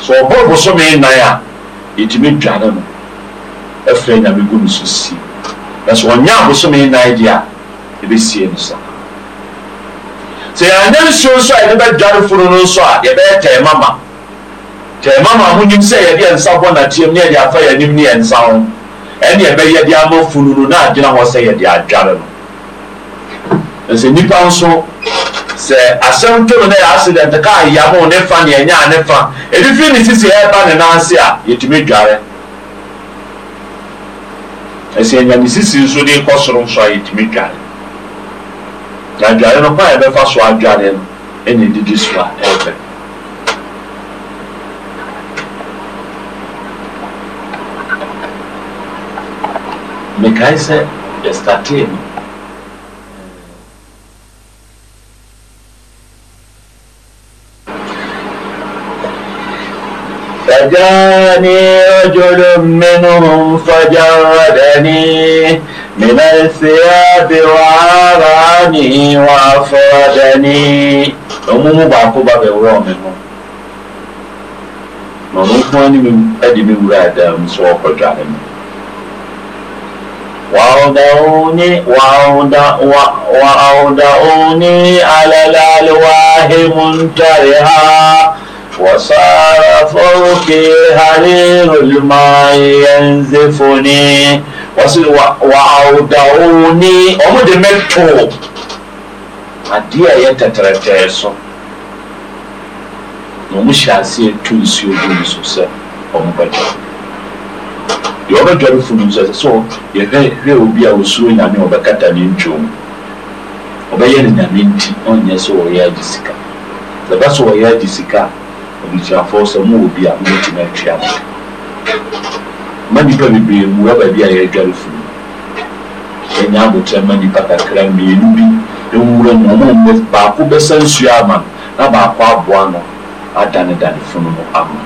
sɛ ɔbɔ bosome nnan a yɛtumi dwane no ɛfrɛ nyame gu ne so sie na sɛ ɔnyɛ abosome nnan deɛ a ɛbɛsie no saa sɛ yɛanyɛ nsuo nso a yɛde bɛdware funu no nso a yɛbɛyɛ tɛɛma ma tɛɛma ma monim sɛ yɛde yɛn nsa bɔ natiam ne yɛde afa yɛn anim ne yɛn nsa ho ɛne yɛbɛyɛ de ama funu no na agyina hɔ sɛ yɛde adware no nso nipa nso sɛ asɛm to no na yɛ accident kaa yamo ne fa ne ɛnya ne fa ebi fi ne sisi ɛɛba ne nan ase a yɛtumi dware ɛsɛ ɛnya ne sisi nso de kɔ soro nso a yɛtumi dware na adware no kwan e a so adware no ɛna e ɛdidi so a ɛrebɛ mekae sɛ yɛstatee e no من الثياب وراني وأفردني وممبكرم كدمج وأوضعوني على الألواه منترها وصار فوك هرير الما ينزفني ɔsi wa ɔda ɔni ɔmo de mɛto adeɛ a ɛyɛ tɛtɛrɛtɛɛ so na ɔmo hyɛ aseɛ tu nsuo gu ne so sɛ ɔmo bɛdɔ deɛ ɔbɛdɔre funu nso ɛsɛ sɛ yɛhwɛ hwɛ obi a osuro nyame ɔbɛkata ne ntwom ɔbɛyɛ ne nyame nti ɔnyɛ sɛ ɔyɛ agye sika sɛ ɛbɛ sɛ ɔyɛ agye sika abusuafoɔ sɛ mo mu bi a mo bɛtumi atwea mo ma nipa bebree mu raba bi a yɛadware firi yɛnya abokyerɛ ma nipa kakra mmienu bi ɛwura mu ɔmo mbɛ baako bɛsa nsuo ama no na baako aboa no adanedane funu no ama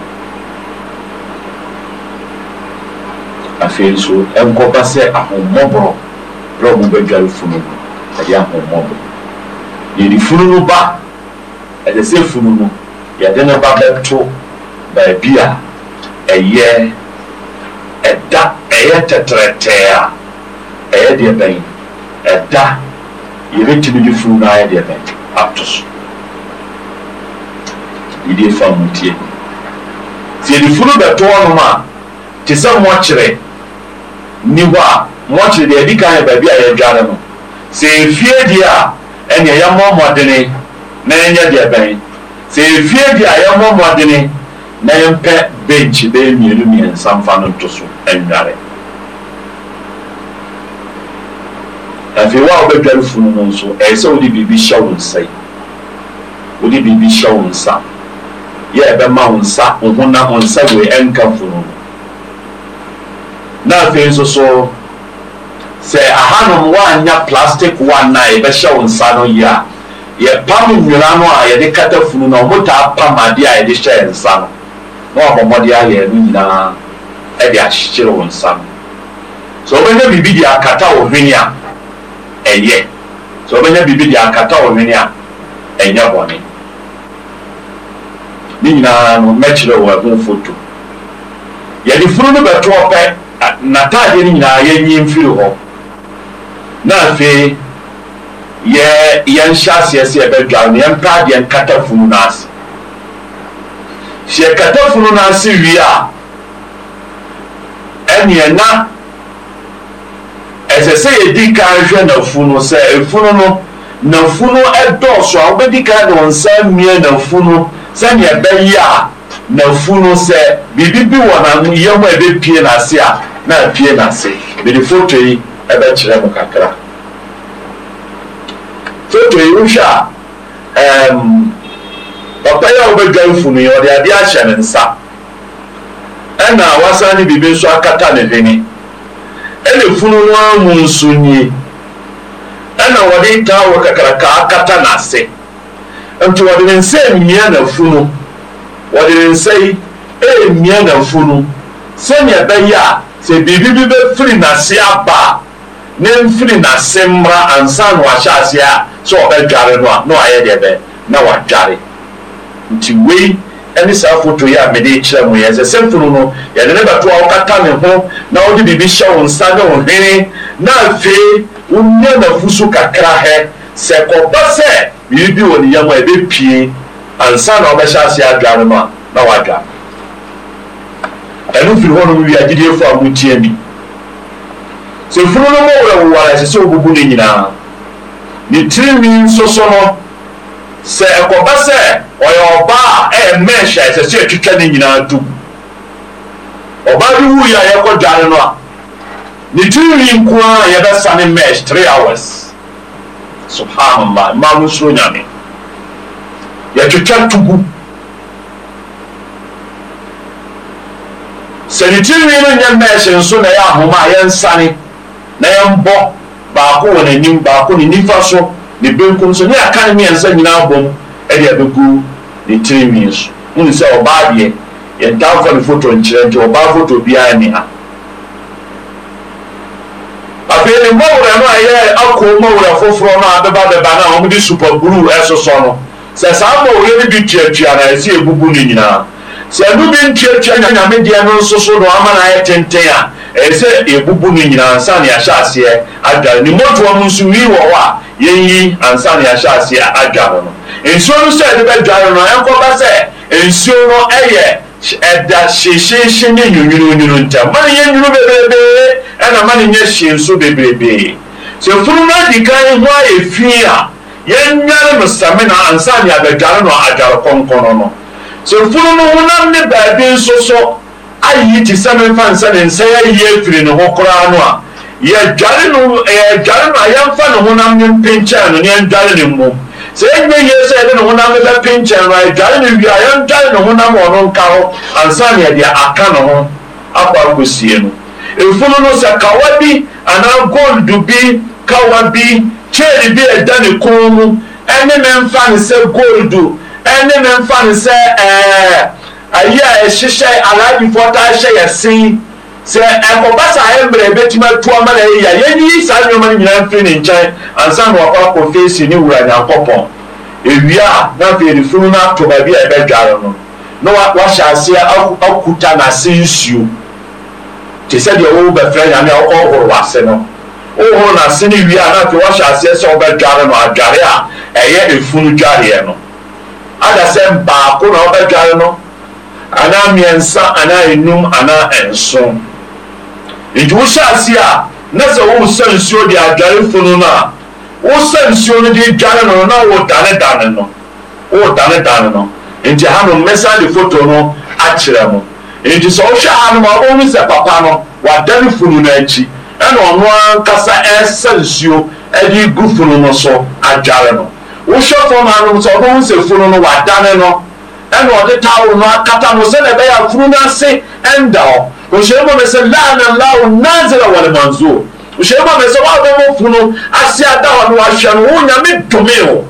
afei nso ɛnkɔba sɛ ahommɔborɔ berɛ ɔmo bɛdware funu no ɛde ahommɔborɔ yɛde funu no ba ɛsɛ sɛ funu no yɛde ne ba bɛto baabi a ɛyɛ ɛda ɛyɛ tɛtrɛtɛɛ a ɛyɛ deɛ bɛni ɛda yɛbɛtumi defuru no ayɛ deɛ bɛni sɛyɛde furu bɛtoɔ noma a nte sɛ mmɔkyere nni hɔ a mɔkyere deɛ adi kanɛ baabi a yɛdware no sɛ fie diɛ a ɛneɛ yɛmmɔmɔdene na ɛyɛ deɛ bɛn sɛ ɛfie die a yɛmɔmɔdene yɛmpɛ benkyi bɛɛsa mfa no to nar afei wo a wobɛdware funu mu nso ɛyɛ sɛ wode biribi hyɛ wo nsa yi wode biribi hyɛ wo nsa yɛ ɛbɛma w nsa w honam nsa doi ɛnka funu no na afei nso so sɛ ahanom woanyɛ plastic aena a yɛbɛhyɛ wo nsa no yi a yɛpam nwira no a yɛde kata funu no ɔmotaa pam ade a yɛde hyɛɛ nsa no na wɔn mmɔde ayɛ no nyinaa ɛde akyekyere wɔn nsa so wɔbɛnya biribi de akata wɔn hwene a ɛyɛ so wɔbɛnya biribi de akata wɔn hwene a ɛnyɛ bɔne ne nyinaa no mɛkyerɛ wɔn ɛho foto yɛde funu no bɛto ɔpɛ n'ataadeɛ no nyinaa yɛnyi mfiri hɔ na afei yɛ yɛnhyɛ aseɛ sɛ yɛbɛdwa no yɛmpɛ adeɛ nkata funu no hyɛkɛtɛfono no ase wie a ɛneɛ na ɛsɛ sɛ yɛdi kan hwɛ n'afunu sɛ efunu no n'afunu ɛdɔɔso a wobɛdi kan de wɔn nsa mmea n'afunu sɛnea ɛbɛyɛ a n'afunu sɛ biribi bi wɔ n'ano yɛm a ɛbɛpie n'ase a na apie n'ase bɛdi foto yi ɛbɛkyerɛ mu kakra foto yi wohwɛ a ɛɛm. Um, papa yi a wobɛdwa mfunu yi ɔde adeɛ ahyɛ ne nsa ɛna wasan ne biribi nso akata ne hwene ɛna funu no amu nso nie ɛna wɔde taa wɔ kakraka akata n'ase nti wɔde ne nsa emia n'afunu wɔde ne nsa yi emia n'afunu sɛnea ɛbɛyɛ a sɛ biribi bi bɛfiri n'ase aba ne mfiri n'ase mmra ansa na wahyɛ ase a sɛ ɔbɛdware no a na wayɛ deɛ bɛ na wadware nti wei ɛne saa foto yi a mede kyerɛ mo yɛ sɛ sɛmfunu no yɛde ne bɛto a wokata ne ho na wode biribi hyɛ wo nsa ne wo hwene na afei wonya nafu so kakra hɛ sɛ kɔba sɛ biribi wɔ ne yam a ɛbɛpie ansa na wobɛhyɛ ase adwa no ma na wadwa ɛno firi hɔnom wi agyedeɛfo a motia bi sɛ funu no ma werɛwowara ɛsɛ sɛ wobubu ne nyinaa ne tirinwi nso no sɛ ɛkɔba sɛ ɔyɛ ɔba a mech akɛ sɛ yɛtwetwa ne nyinaa tu gu ɔbaa bi wuyi a yɛkɔ dware no a ne timimi nko ra yɛbɛsane mech three hours subhanallah mma no nsuro nyame yɛtwetwa tu gu sɛ ne timiwi no ngyɛ mɛɛh nso na ɛyɛ ahoma a yɛnsane na yɛmbɔ baako wɔ n'anim baako ne nnifa so ne benkum so ne aka ne mmiɛnsa nyinaa bɔ mu ɛde abɛgu ne tirinwi so wone sɛ ɔbaa deɛ yɛntamfa ne foto nkyerɛ nti ɔbaa foto biara ne ha afei ne mmɔwura no a ɛyɛ akoo mmɔwura foforɔ no a bɛbabɛba no a wɔmde super blue ɛsosɔ no sɛ saa mmɔwura no bi tuatua na ɛsɛ ɛbubu no nyinaa sɛ ɛdu bi ntuatua nyamedeɛ no nso so na ɔama no ayɛ tenten a ɛyɛ sɛ yɛbubu no nyinaa ansa ne yɛahyɛ aseɛ adwa ne mmɔtoa mu nso wii wɔ hɔ a yɛnyi ansa ne yɛahyɛ aseɛ adwa no no nsuo no sɛ ɛde bɛdware no ɛnkɔba sɛ nsuo no ɛyɛ ɛda hyehyehye ne nwunwunwunu ntam ma ne yɛ nwunu bebrebee ɛna ma ne nyɛ hye nso bebrebee sɛ funu no adi kan ho ayɛ fii a yɛnware no sɛmena ansa ne abɛdware no adware no sɛ funu no honam ne baabi nso so ayi te sɛ memfa nsɛ ne nsa yɛayi afiri ne ho koraa no a yɛdware no yɛdware no a yɛmfa ne honam ne mpenkyɛn no ne yɛndware ne mmom sɛ yɛnyɛ yie sɛ yɛde ne honam bɛpɛnkyɛn no a yɛdware no wie a yɛndware ne honam wɔ no nka ho ansa ne yɛde aka ne ho akɔ akɔsie no efunu no sɛ kawa bi anaa gold bi kawa bi kyeeri bi ɛda ne kɔn mu ɛne ne mfa ne sɛ ɛne ne mfa no sɛ ɛɛ ayi a ɛhyehyɛ alaadifoɔ taa hyɛ yɛ sen sɛ ɛkɔba saa ayɛ mmerɛ ɛbɛtumi atu ama na ɛyɛ a yɛnyi saa nneɛma no nyinaa mfiri ne nkyɛn ansa na wakɔ akɔ feesi ne wura nyankopɔn ewia a na afei de funu no ato baabi a ɛbɛdware no na wahyɛ aseɛ akuta n'ase nsuo te sɛ deɛ wɔwɔ bɛfrɛ nyame a ɔkɔhoro w'ase no wohoro n'ase no wie a na afei wahyɛ aseɛ sɛ ɔbɛdware no adware a ɛyɛ efunu dwareɛ no ada sɛ baako na wɔbɛdware no anaa mmiɛnsa anaa enum anaa nson nti wohyɛ ase a na sɛ wosa nsuo de adware funu no a wosa nsuo no de dware no na wodanedane no wodanedane no nti hanom mɛsan de foto no akyerɛ mo nti sɛ wohwɛ hanom a wohu sɛ papa no wadane funu no akyi ɛna ɔno ankasa ɛsa nsuo de gu funu no so adware no wohwɛfoɔ manom sɛ ɔno ho sɛ funu no wadane no ɛna ɔde tawolo no akata no sɛdeɛ ɛbɛyɛ afunu no ase ɛnda hɔ ohyɛne bɔ me sɛ laana lao nazira walemansuo ohyɛne bɔ me sɛ woabɛmɔ funu ase ada hɔ no wahwɛ no wo nyame domee ho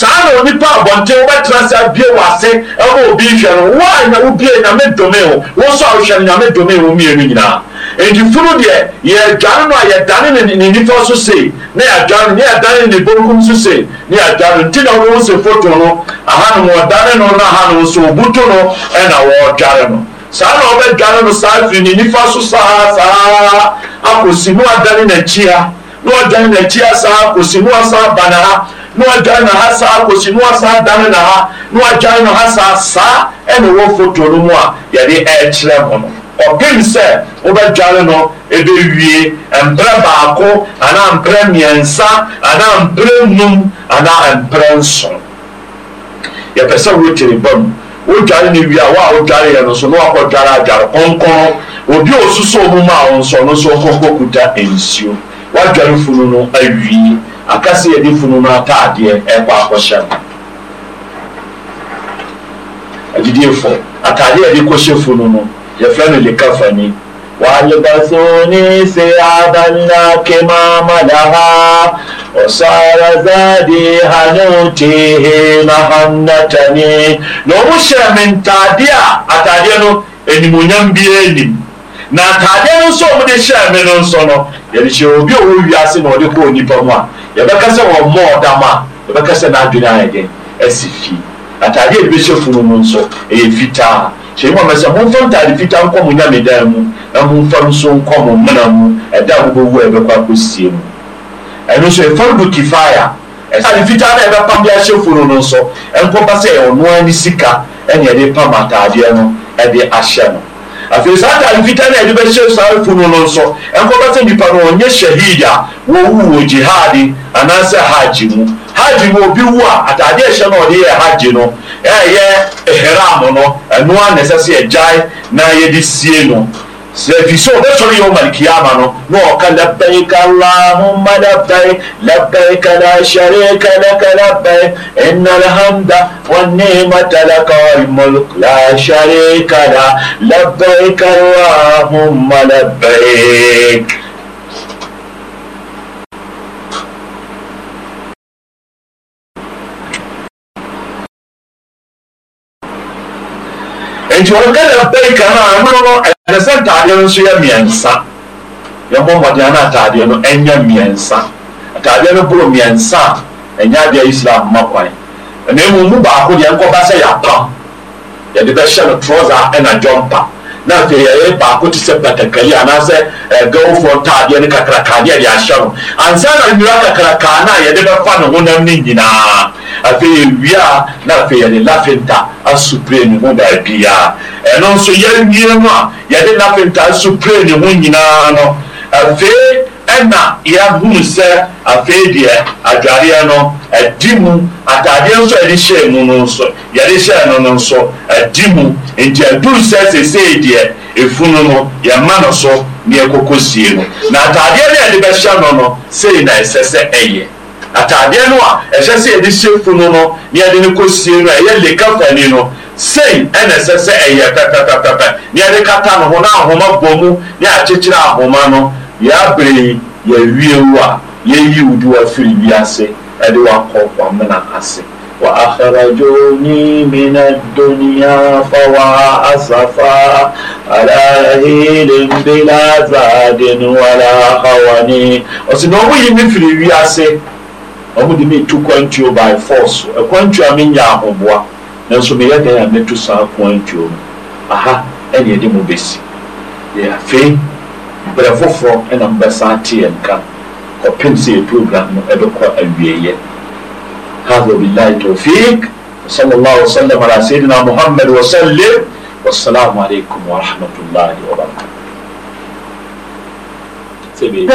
saa na onipa abɔnten wobɛtena sɛ abie wɔ ase ɛma obi hwɛ no wo a na wobie nyame dome wo wo nso a wohwɛ no nyame dome wo mmienu nyinaa enti funu deɛ yɛadwane no a yɛdane ne nifa so sei na yɛadwane no ne yɛdane ne bonkum so sei ne yɛadwane no nti na wowo sɛ foto no ahanom wɔdane no na ahanom nso wɔbuto no ɛna wɔɔdware no saa na wɔbɛdwane no saa firi ne nifa so saa saa akɔsi ne wadane n'akyi ha na wadane n'akyi ha saa akɔsi ne wasan ba ne ha n'ɔgya na ha saa kosi na ɔsan dan na ha na ɔgya na ha saa saa ɛna ɛwɔ foto no mu a yɛde ɛɛkyerɛ mo no ɔpem sɛ wobɛdware no ɛbɛwie mprɛ baako anaa mprɛ mmiɛnsa anaa mprɛ num anaa mprɛ nson yɛpɛ sɛ wotiri ba mu wodware no wie a wo a wodware yɛ no so na wakɔdware adware kɔnkɔn obi a osuso mu ma a wo nso no nso kɔkɔkuta nsuo wadware funu no awie akasɛ yɛde funu no ataadeɛ eh, ɛkɔ akɔhyɛ no agyidiefo ataadeɛ yɛde kɔhyɛ funu no yɛfrɛ no lekafani walbasuni siyaban nakimama laha wasara zadi hanutihi mahannatani na ɔmo hyɛ me ntaadeɛ a ataadeɛ no animonyam biaa nim na ataadeɛ no nso a wɔde hyɛ me no nso no yɛde hyɛ obi a ɔwɔ wiase na ɔde kɔɔ nipa mu a yɛbɛka sɛ wɔn mɔ ɔdam a yɛbɛka sɛ n'adwene ayɛ den ɛsi fi ataadeɛ a ebɛhyɛ funu mu nso ɛyɛ fitaa hyɛ mu a mɛsɛ momfa ntaade fitaa nkɔ mo nyame dan mu na momfa nso nkɔ mo mmena mu ɛda a mobɛwu a ɛbɛkɔ akɔsie mu ɛno nso ɛfarudu kifaya ɛsɛ fitaa na ɛbɛpam de ahyɛ funu no nso ɛnkɔba sɛ ɛwɔ noa ne sika ɛne ɛde pam ataadeɛ no ɛde ahyɛ no afei saa atarefita no a yɛde bɛhyɛ saa funu no nso ɛnkɔbɛsɛ nnipa no ɔnyɛ shahid a wɔwu wɔ jihadi anaasɛ hajj mu hajj mu obi wu a atade ɛhyɛ no ɔde yɛ hajj no ɛyɛ ihram no ɛnoa na ɛsɛ sɛ yɛgyae na yɛde sie no bise obatoliyo malikiyamano nooka labbaik allahumma labbaik labbaik la sharika laka labbaik ina alhamda wanimata laka walmulk la sharika la labbaik allahumma labbaik nti olugala labbaik ana amunono ɛnɛ sɛ ntaadeɛ no nso yɛ mmiɛnsa yɛbɔ mmɔden na ataadeɛ no ɛnyɛ mmiɛnsa ataadeɛ no boro mmiɛnsa a ɛnyɛ adeɛ islam ma kwan ɛnɛ mu mu baako deɛ nkɔba sɛ yɛapam yɛde bɛhyɛ no trɔsa ɛna jɔmpa fei yɛɛ baako te sɛ bakakayiɛ anaasɛ ɛgao eh, frɔ tadeɛ ne kakrakaa ne ɛde ahyɛ no ansa na nnwura kakrakaa na yɛde bɛfa ne wonam ne nyinaa afei yɛwiaa na afei yɛde lafi nta asupre ne ho baabiaa ɛno nso yɛwia no a yɛde lafi nta asupre ne wo nyinaa no a ɛna yɛahunu sɛ afei deɛ adwareɛ no ɛdi mu ataadeɛ nso yɛde hyɛɛ mu no nso yɛde hyɛɛ no no nso ɛdi mu nti aduru sɛ sesei deɛ efunu no yɛma no so ne yɛkɔkɔ sie no na ataadeɛ no yɛde bɛhyɛ no no sei na ɛsɛ sɛ ɛyɛ ataadeɛ no a ɛhyɛ sɛ yɛde hyɛ funu no ne yɛde no kɔsie no ɛyɛ leka fani no sei ɛna ɛsɛ sɛ ɛyɛ pɛpɛpɛpɛpɛ ne yɛde kata no ho na ahoma bɔ mu ne akyekyere ahoma no yɛabrɛ yɛwie wo a yɛyi wo de wafiri wiase ɛde wakɔ wamena ase وأخرجوني من الدنيا فوا أسفا على هيل بلا زاد ولا هوان ọsìn náà wọ́n yí mi firi wiase wọ́n de mi tu kwantuo by force e kwantuo a mi nya ahoboa nanso mi yɛ dan a mi tu saa kwantuo mu aha ɛna de mu besi yɛ afei bre fof fo enanba santen kan opnse toa o édeq aweye haذa biاللaه taوfيق وصlلى اللaه وسlلم على saydiنa mhamad وسalلم والسaلaم علaيkum waرahmaةاللaه wbaرaكat